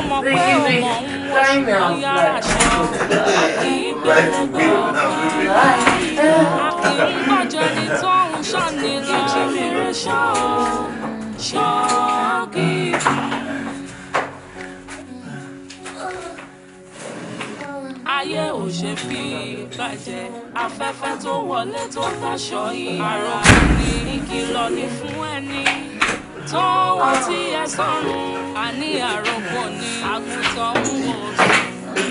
ọmọ pé ọmọ ń wọ yàrá ṣá akíngbé akíngbàjọ ni tọ́hún ṣàní lọ́jọ́ mìíràn ṣá ṣọ́ọ́kì. ayé ò ṣe fi bàjẹ́ afẹ́fẹ́ tó wọlé tó fẹ́ ṣọ́ yìí tọ́wọ́ tí ẹ sọnù àní àròkọ ni àgùntàn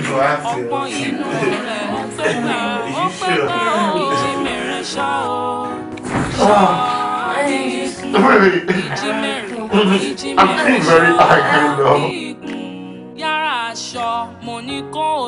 ń wò sùn inú rẹ̀ ó pẹ́ gbà ó pẹ́ gbà ìjì mẹ́rin ṣá o ṣá ìjì mẹ́rin ìjì mẹ́rin ṣá ìkùn yàrá aṣọ mo ní kó o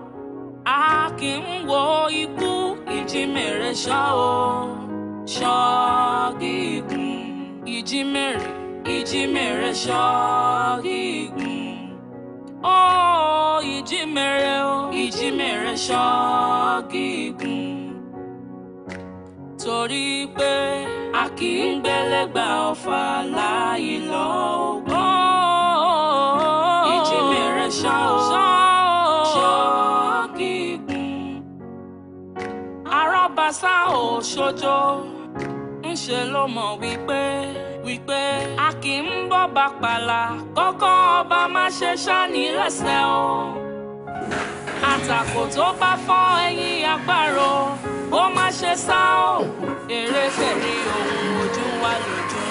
a kì í wo ikú ìjímèrè ṣọ́ o ṣọ́ gígùn ìjímèrè ìjímèrè ṣọ́ gígùn ó ìjímèrè o ìjímèrè ṣọ́ gígùn torí pé a kì í gbẹlẹ́gbà ọ̀fà láì lọ́ọ́. Àbàṣà Òṣogbo ńṣe ló mọ̀ wípé wípé a kì í bọ́ba pàlà kọ́kọ́ ọba má ṣe ṣáni lẹ́sẹ̀ o. àtàkò tó bá fọ́ ẹyin àparò ó má ṣe sá o eré fèrè ohun ojú wa lójú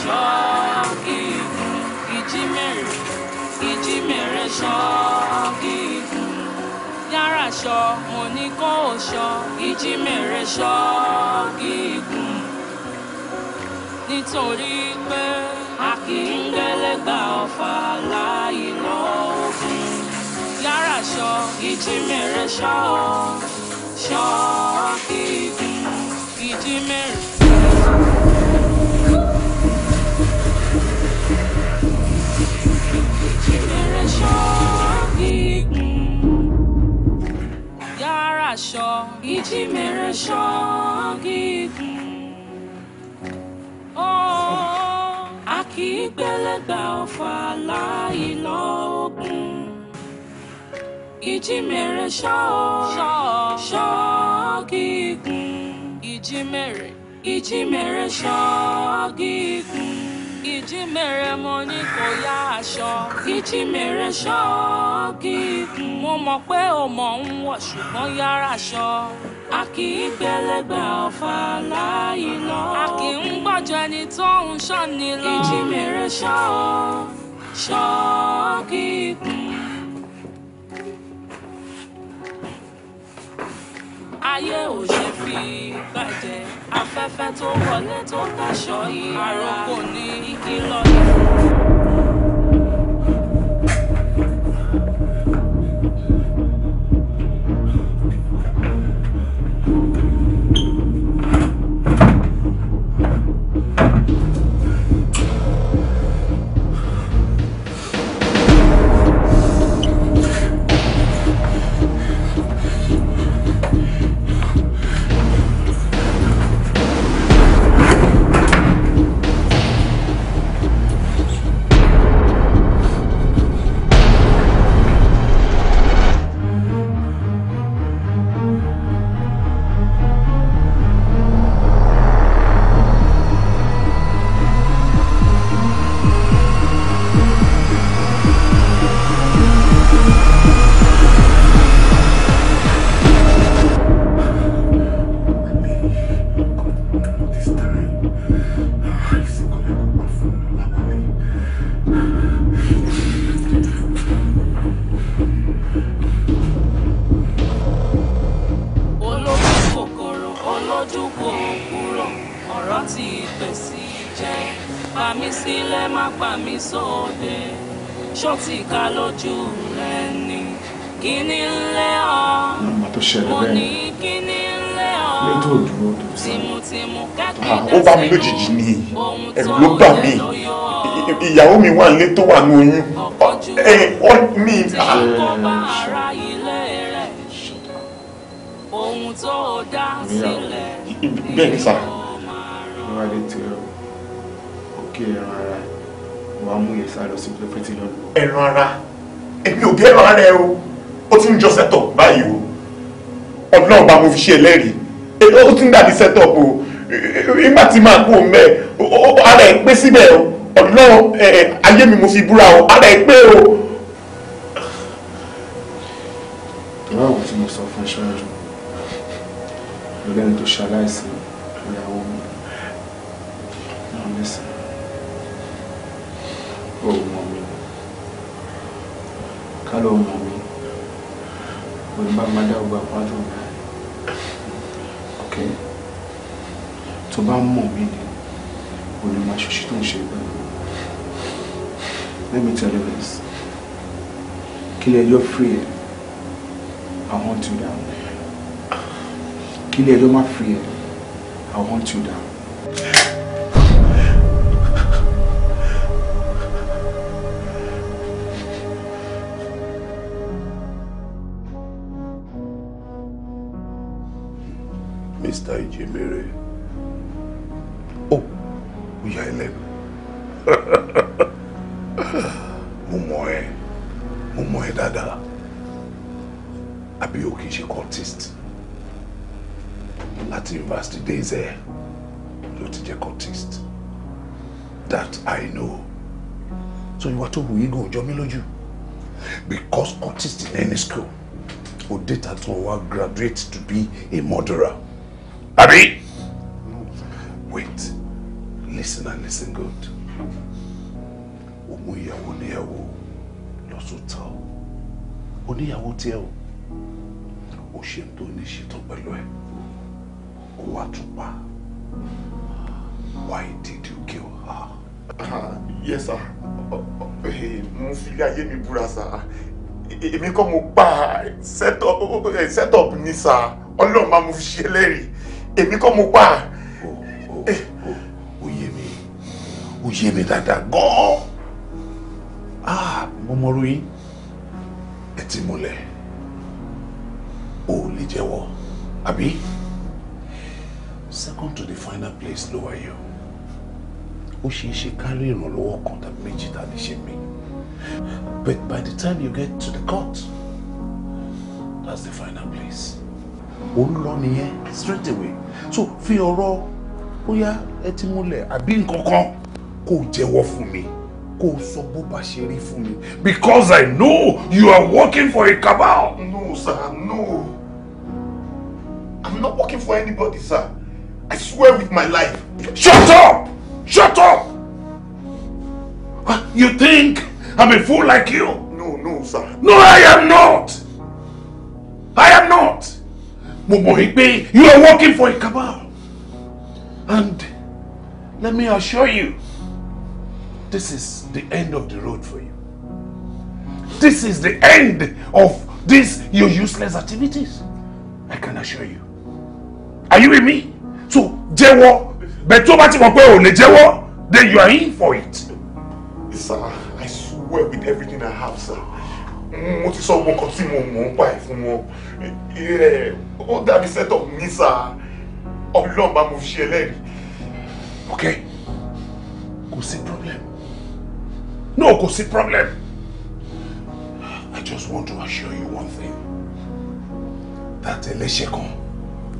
ṣọ́ọ́kì ìjímèrè ìjímèrè ṣọ́ọ́kì dára ṣọ́ mo ní kó o ṣọ́ ìjímèrè ṣọ́ gígùn nítorí pé a kì í gbẹlẹgbà ọfà láì lọ ògùn yára ṣọ́ ìjímèrè ṣọ́ ṣọ́ gígùn aṣọ ìjímèrè ṣọ́ọ́gì kùn. a kì í gbẹlẹgbà ọ̀fà láì lọ́ọ̀gùn. ìjímèrè ṣọ́ọ́gì kùn. ìjímèrè ìjímèrè ṣọ́ọ́gì kùn ìjímèrè mo ní kò yá aṣọ ìjímèrè ṣọ́ọ́gì mo mọ̀ pé o mọ̀ ń wọ̀ ṣùgbọ́n yára aṣọ a kì í gbẹlẹgbẹ ọ̀fà láàyè lọ a kì í ń gbọ́jọ ẹni tó ń ṣọ́ni lọ ìjímèrè ṣọ́ọ́ ṣọ́ọ́gì ayé ò ṣe fi bàjẹ́ afẹ́fẹ́ tó wọlé tó fẹ́ ṣọ́ yìí àròkò ní ìkìlọ̀ yìí. wà nílé tó wà ní oyún ẹ what means. Ah. bẹ́ẹ̀ ni sá. wọ́n á lè tẹ ara èmi ò bí ẹran ara ẹ o ó ti ń jọ sẹ́tọ̀ báyìí o ọdún náà bá mo fi ṣe ẹlẹ́rìí ó ti ń dàbí sẹ́tọ̀ o ìgbà tí màá kú o mẹ́ ara ẹ̀ pé síbẹ̀ o ọlọ́run ayé mi mo fi búra o ara ẹ pé o. ìwáwo tí mo sọ fún ṣáájú lórí ẹni tó ṣaláìsí ìyàwó mi náà lẹ́sìn ó mọ̀ mi ká ló mọ̀ mi onígbà máa dá ogbà pàdé mi ok tó bá mọ̀ mí ni onímọ̀ àṣọṣe tó ń ṣe gbà let me tell you this kí ilé ẹjọ́ free I want you down kí ilé my má free I want you down. Mr. Ijemere. Oh, we are 11. mọ̀ ẹ́ dáadáa àbí o kì í ṣe cultist láti university days ẹ ló ti jẹ́ cultist that I know so ìwà tó wù yí gan jọ mí lójú because cultist in any school o data tó wá graduate to be a murderer àbí wait listen and listen good òmù ìyàwó níyàwó lọ sọ tán oníyàwó tiẹ̀ o ò ṣe tó ní ṣètò pẹ̀lú ẹ̀ ó wá tún pa why did you kill her. yes sir mo fi ayé mi búra sir èmi kọ́ mo pa set up ni sir ọlọ́run máa mo fi ṣe lẹ́rìí èmi kọ́ mo pa. ó yé mi ó yé mi dáadáa gan-an ah, mo mọ̀ ọ́ ròyìn tì múlẹ̀ o ò lè jẹ́wọ́ àbí second to the final place ló wáyé o ó ṣeé ṣe ká rí ìrànlọ́wọ́ kan tàbí méjì tá a lè ṣe mí but by the time you get to the court that's the final place olùlọ nìyẹn straight away so fi ọ̀rọ̀ bóyá ẹ ti múlẹ̀ àbí nǹkan kan kò jẹ́wọ́ fún mi kó sọ bó bá ṣe rí fún mi because I know you are working for a cabal. No sir, no. I'm not working for anybody sir. I swear with my life. Shut up! Shut up! You think I'm a fool like you? No, no sir. No, I am not! I am not! Mo mọ̀ wípé you are working for a cabal. And let me assure you this is the end of the road for you. This is the end of these your useless activities. I can assure you. Are you with me? So jẹ́wọ́ bẹ́ẹ̀ tó bá ti mọ̀ pé ò lè then you are in for it. Sir, I swear with everything I have, sir. Mo ti sọ gbogbo nǹkan tí mo mọ̀ ń pa ẹ̀ set up mi, sir. Ọlọ́run bá mo fi Okay, kò sí problem no kò sí problem i just want to assure you one thing that ẹlẹ́ṣẹ̀ kan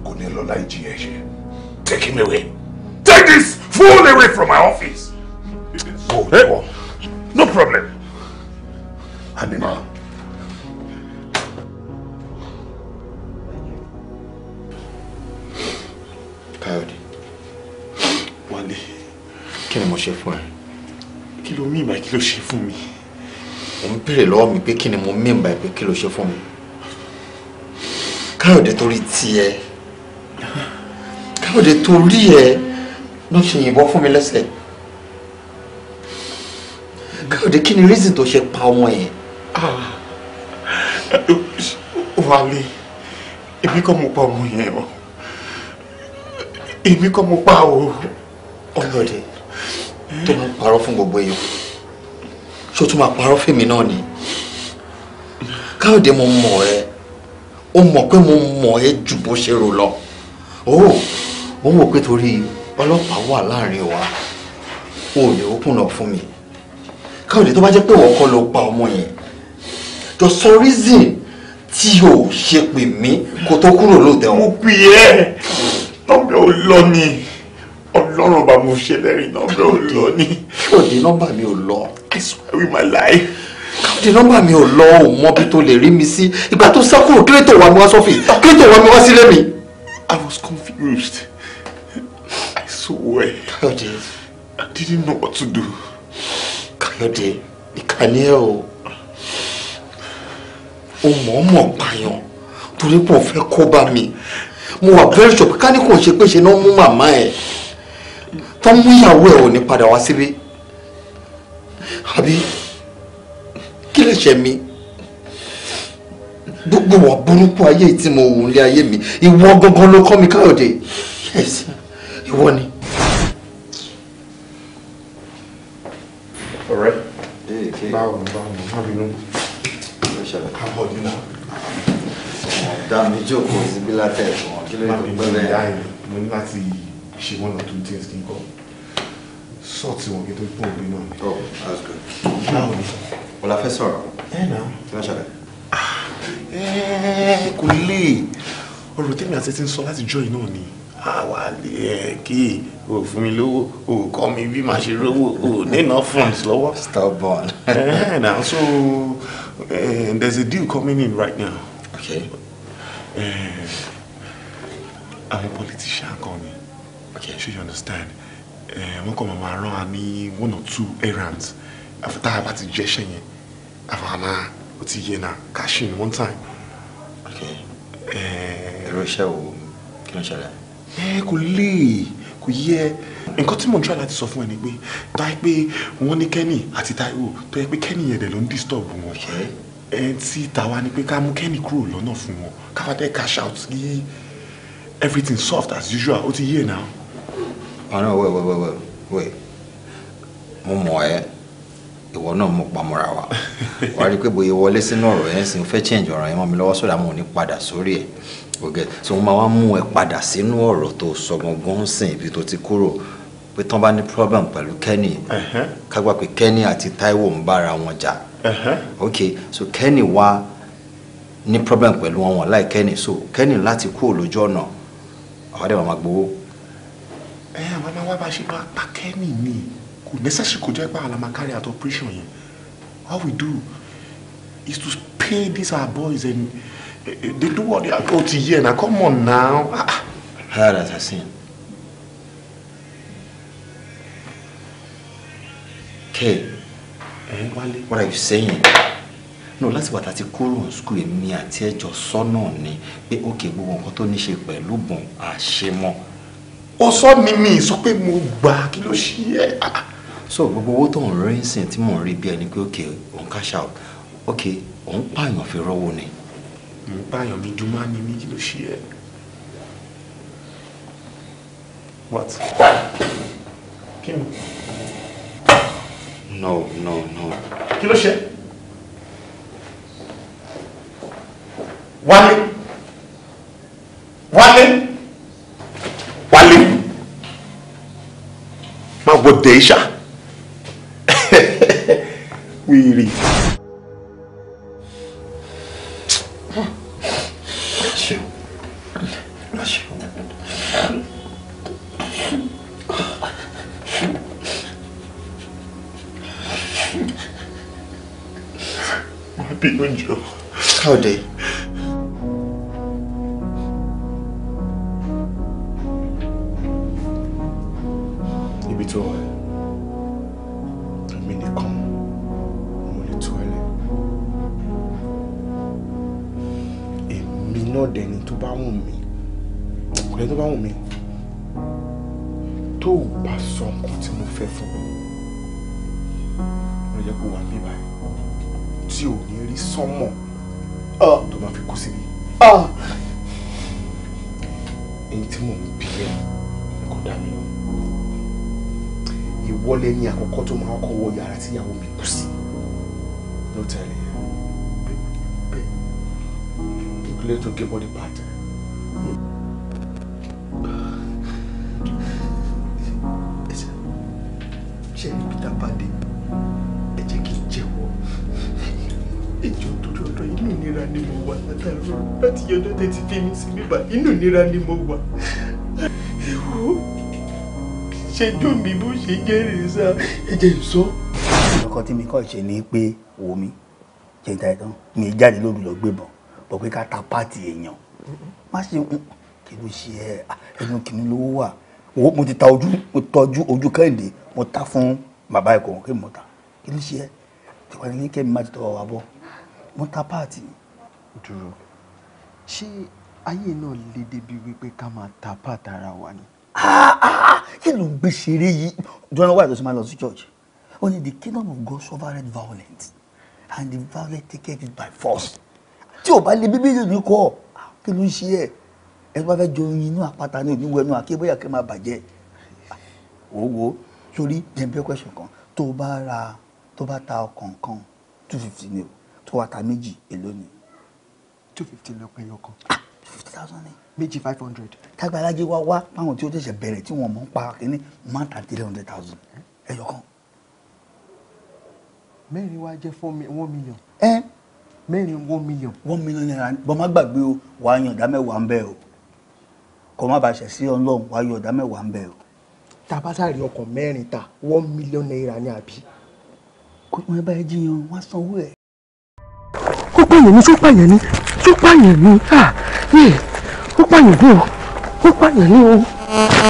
kò ní lọ láì take him away take this fool away from my office go hey. Eh? no problem Anima. Coyote. wálé Can I mo your phone? kí ló mean by kí ló ṣe fún mi. ò ń béèrè lọ́wọ́ mi pé kí ni mo mean by pé kí ló ṣe fún mi. káyọ̀dé torí tiẹ̀ káyọ̀dé torí ẹ̀ ló ṣe yìnbọn fún mi lẹ́sẹ̀. káyọ̀dé kí ni reason tó ṣe pa ọmọ yẹn. Ah, wálé èmi kọ́ mo pa ọmọ yẹn o èmi kọ́ mo pa o. káyọ̀dé tó máa parọ́ fún gbogbo èèyàn ṣó tún máa parọ́ fèmí náà ni káyọ̀dé mo mọ̀ ẹ́ ó mọ̀ pé mo mọ̀ ẹ́ jù bó ṣe rò lọ ó ó wò pé torí ọlọ́pàá wà láàrin wa ó lè ó kùnà fún mi káyọ̀dé tó bá jẹ́ pé ìwọ kọ́ ló pa ọmọ yẹn jọ sọ reason tí o ṣe pè mí kó tó kúrò lóòótọ́. mo pè é tọ́pẹ́ ò lọ ni ọlọ́run bá mo ṣe lẹ́rìn nọ́mbà ò lọ ní. káyọ̀dé nọ́mbà mi ò lọ. I swear with my life. káyọ̀dé nọ́mbà mi ò lọ ò mọ bí tó lè rí mi sí ìgbà tó sá kúrò kílétò wa mi wá sọ́fì kílétò wa mi wá sílé mi. I was confused. I swear. káyọ̀dé. I didn't know what to do. káyọ̀dé ìkànnì ẹ̀ o o mọ̀ọ́mọ̀ pààyàn torí pé òun fẹ́ kó bá mi mo wà very sure pé ká ní kò ṣe pé ṣe náà mú màmá ẹ̀ tó mú ìyàwó ẹ̀ ò ní padà wá síbí àbí kí lè ṣe mi gbogbo wà burúkú ayé tí mo wù nílé ayé mi ìwọ gangan ló kọ́ mi káyọ̀dé yes ìwọ ni. ọ̀rẹ́ báwo ni báwo ni má bínú kábọ̀ nínú. dá mi jókòó síbí látẹ̀ ẹ̀fọn kí ló ń gbẹ́lẹ̀. mo ní láti yí ṣe one or two things kí n kọ́ sọ́ọ̀tì wọn kí n tó pọ̀ òbí náà oh that's good. báwo ni. o la fẹ́ sọ̀rọ̀. ẹ nà. kí ló ṣẹlẹ̀. Ah, ẹ kò lè ọ̀rọ̀ tèmi àti ti ń sọ láti jọ́ yìí náà ni àwa lè ẹ kí o fún mi lówó o kọ́ mi bí màá ṣe rówó o nínà funds lọ́wọ́. stubborn. ẹ nà so uh, there's a deal coming in right now. okay. I'm a politician kan ni Okay. Sure you understand. Eh, wọ́n kọ́ màmá around a ní one or two errands. Àfọ̀tá àbá ti jẹ́ ṣẹ́ yẹn. Àfọ̀hàmà ó ti yẹ cash in one time. Okay. Ẹ̀rọ eh, iṣẹ́ wo kí ló ṣẹlẹ̀? Ẹ eh, kò lè kò yẹ try láti sọ fún ẹ ni pé tó yẹ pé at ní Kenny àti Taiwo tó yẹ pé Kenny yẹn dẹ̀ ló disturb Okay. And see, tàwa ni pé ká mú Kenny kúrò lọ́nà fún wọn ká wá dé cash out everything soft as usual ó ti yé now oh no wait wait wait wait wait mo mọ̀ ẹ́ ìwọ náà mo pamọ́ra wa wàá rí i pé bóyá wọlé sínú ọ̀rọ̀ yẹn sì ń fẹ́ change ọ̀rọ̀ yẹn mọ́ mi lọ́wọ́ sódà mo ní padà sórí ẹ̀ ògẹ́ so mo máa wá mú ẹ padà sínú ọ̀rọ̀ tó sọ gangan sìn ibi tó ti kúrò pé tán bá ní problem pẹ̀lú Kenny uh-huh. kágbá pé Kenny àti Taiwo ń bára wọn jà uh-huh. ok so Kenny wá ní problem pẹ̀lú wọn wọn láì Kenny so Kenny láti kúrò lójú ọ̀nà àwọn àdébà máa gbowó ẹ àwọn máa wá bá ṣe máa pa kẹ́mì ni kò necessary kò jẹ́ pé àwọn máa carry out operation yẹn all we do is to pay these our boys and uh, they do what they are told to hear na come on now. hard ah, ah. as i seen. Hey, eh, Wale, what are you saying? no láti wà tàti kúrò ní skul èmi àti ẹjọ sọ náà ni pé ó kè gbogbo nǹkan tó ní ṣe pẹ̀lú bọ̀n àṣemọ́ ó sọ mi sọ pé mo gbà kí ló ṣe ẹ. Ah, ah. so gbogbo owó tó ń rí ń sìn tí mò ń rí bí ẹni pé òkè òun cash out òkè òun pààyàn fi rọ́wọ́ ni. mo ń pààyàn mi dùn máa mi kí ló ṣe ẹ. what. kí ni. no no no. kí ló ṣe. wálé wálé. ọ̀dẹ̀ ṣá wíìrì. Bínú jọ. Káòdé. ìnira ni mo wà ìwọ ṣẹjọ mi bó ṣe jẹ ìrìnsà ẹjẹ ìsọ. nǹkan tí mi kọ́ ṣe ni pé wo mi ṣe ìta ìtàn mi jáde lóru lọ gbébọn lọ pé ká ta pààtì èèyàn má ṣe kí ló ṣe ẹ ẹnu kìíní lówó wà mo ti ta ojú mo tọjú ojú kẹ́hìndé mo ta fún bàbá ẹ̀kọ́ kí mo ta kí ló ṣe ẹ ìwà ní kẹ́mi má ti tọwọ́ wa bọ́ mo ta pààtì. dúró ṣé ayé náà le débi wípé ká máa ta pàtàrà wa ni. Ah, ah, ah, kí ló ń gbé ṣeré yìí jọ́nà wáyé tó ti máa lọ sí church ó the kingdom of God sovereign violent, and the violent take it by force tí ò bá lè bíbélì ní kọ́ kí ló ń ṣe ẹ̀ ẹ bá fẹ́ jọ oyin inú àpáta ní òníwọ̀ ẹnu àké bóyá kí n máa bàjẹ́ owó sórí jẹ́nbẹ́ question kan tó bá ra tó bá ta ọkàn kan two fifty ni o tó wá ta méjì èló ni. two fifty ló pẹ́ yọkan thousand ni. méjì five hundred. tágbàlájì wá wá fáwọn tí ó ṣẹ̀ṣẹ̀ bẹ̀rẹ̀ tí wọ́n mọ̀ ń pa kínní máa ta three hundred thousand ẹyọ kan. mẹ́rin wá jẹ́ one million. ẹ mẹ́rin one million. one million naira bọ́n má gbàgbé o wàá yan ọ̀dá mẹ́wàá ń bẹ̀ o kò má bàa ṣẹ̀ sí ọlọ́run wàá yan ọ̀dá mẹ́wàá ń bẹ̀ o. tabata rí ọkọ̀ mẹ́rin ta one million naira ni àbí. kó wọn bá ẹ jiyàn wọn sanwó ẹ. ó pààyàn ni tó pààyàn ni tó pààyàn ni ó pààyàn ní o ó pààyàn ní o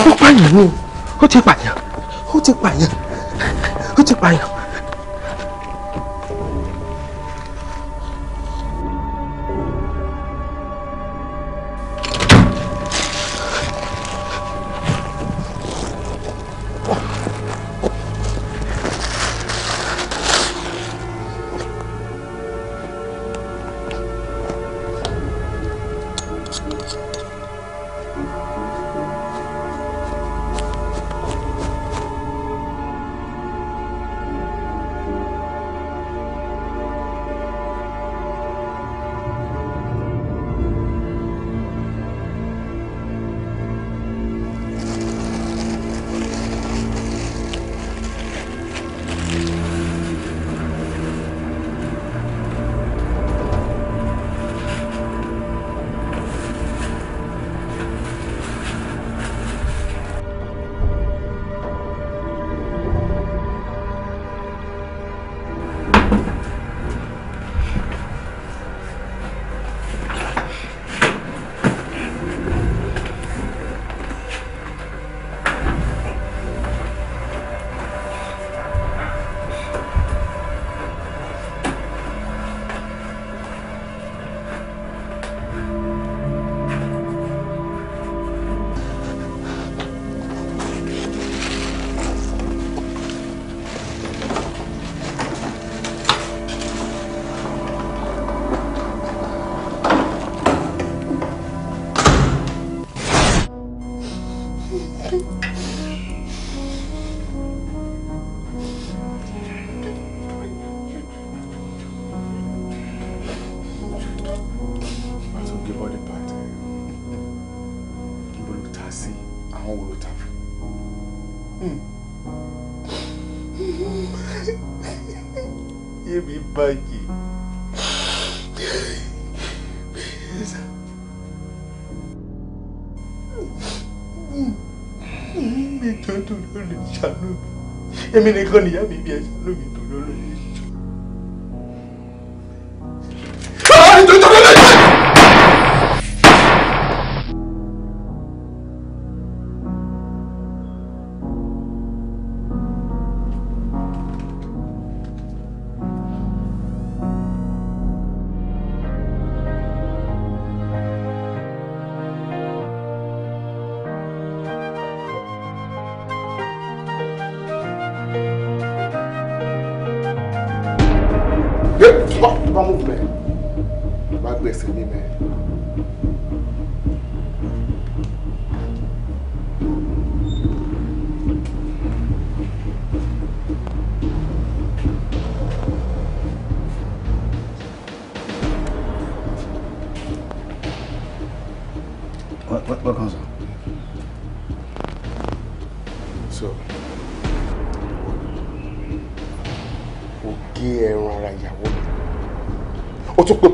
ó pààyàn ní o ó ti pààyàn ó ti pààyàn ó ti pààyàn. èmi nìkan nìyá mi bí ẹ ṣe.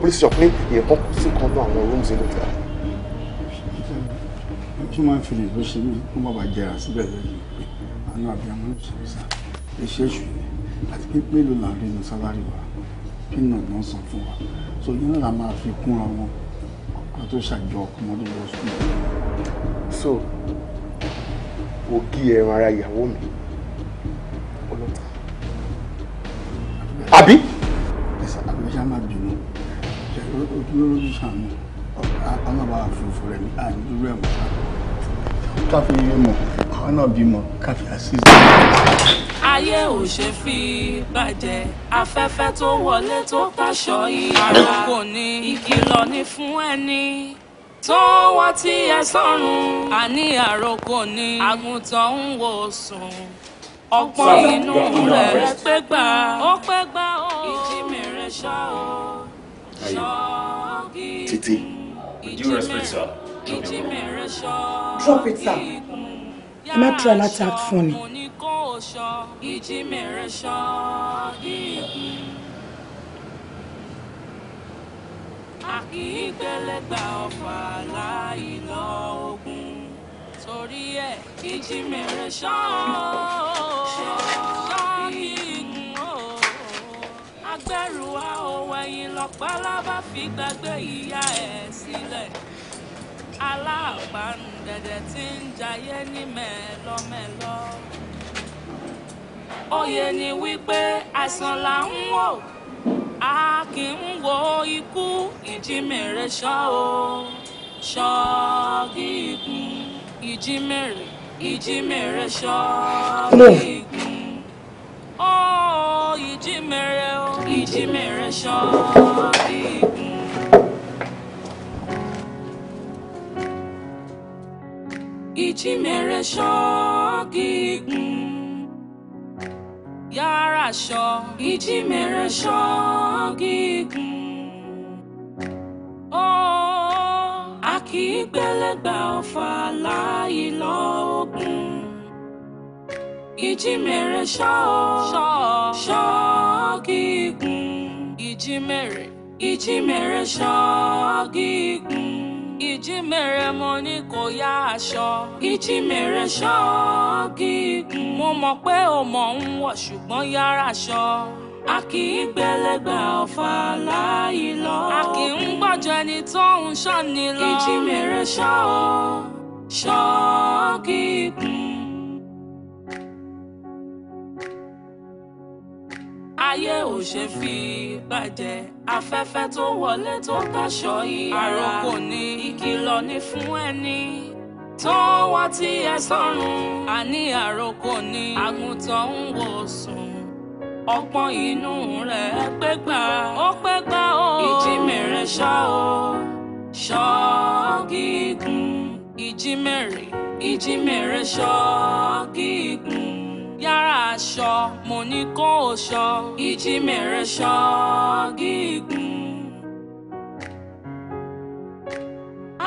police station pé èèyàn kan kú sí kan náà àwọn rooms inú ìjà. ojú máa ń fi lè lọ ṣe mí kó má bàa jẹrà síbẹ̀ lẹ́nu pé àánú abiyamọ ló ṣe sá iṣẹ́ èṣù ni àti pé mélòó là ń rí inú sálárì wa kí náà gbọ́n san fún wa so yín náà la máa fi kúnra wọn ká tó ṣàjọ ọmọdé lọ sùn. so ògì ẹran ara ìyàwó mi ọlọ́tà àbí. dúró lójú sàmì àwọn àbá àfòfò rẹ̀ ní àdúró ẹ̀ mọ́ káfí yé mọ̀ àwọn náà bímọ káfí àṣìṣe. ayé ò ṣe fi bàjẹ́ afẹ́fẹ́ tó wọlé tó káṣọ yìí ara kò ní ìkìlọ̀ ní fún ẹni tó wá tí ẹ sọ́run àní àròkò ní àgùntàn ń wò sùn ọpọ́n inú rẹ̀ pé gbà ó pé gbà ó ìjì mèrè ṣá o ṣá o due respect, sir. Drop it, sir. I'm not trying to act funny. Sorry, ọ̀fà ẹ̀yìn lọ́pàá bá fi gbàgbé ìyá ẹ̀ sílẹ̀ aláàpánu dẹ̀dẹ̀ tí ń jayé ní mẹ́lọ́mẹ́lọ́. oyè ni wípé àìsàn là ń wò a kì í wo ikú ìjímèrè ṣọ́ o ṣọ́ọ́gì ikú ìjímèrè ìjímèrè ṣọ́ọ́gì ikú ó oh, ìjì mèrè ó ìjì mèrè sọ́ọ́rí ìgbín. ìjì mèrè sọ́ọ́gì ìgbín yàrá aṣọ ìjì mèrè ìjímèrè ṣọ́ ṣọ́ gígùn ìjímèrè ìjímèrè ṣọ́ gígùn ìjímèrè mo ní kò yá aṣọ. ìjímèrè ṣọ́ọ́gì. mo mọ̀ pé o mọ̀ ń wọ̀ ṣùgbọ́n yára aṣọ. a kì í gbẹlẹgbẹ ọ̀fà láàyè lọ. a ń gbọ́jọ ẹni tó ń ṣọ́ni lọ. ìjímèrè ṣọ́ọ́ ṣọ́ọ́gì. ayé ò ṣe fi bàjẹ́ afẹ́fẹ́ tó wọlé tó káṣọ yìí àròkò ní ìkìlọ̀ ní fún ẹni tó wá tí ẹ sọ́run àní àròkò ní àgùntàn ń wò sùn ọpọ́n inú rẹ̀ pé gbà ó pé gbà ó ìjímèrè ṣọ́ ó ṣọ́ gígùn ìjímèrè ìjímèrè ṣọ́ gígùn yàrá aṣọ mo ní kó o ṣọ ìjì mèrè ṣọ gígùn.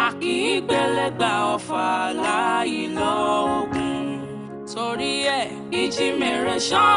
àkìgbélégbà ọ̀fà láyé lọ́ọ̀gùn torí ẹ̀ ìjì mèrè ṣọ.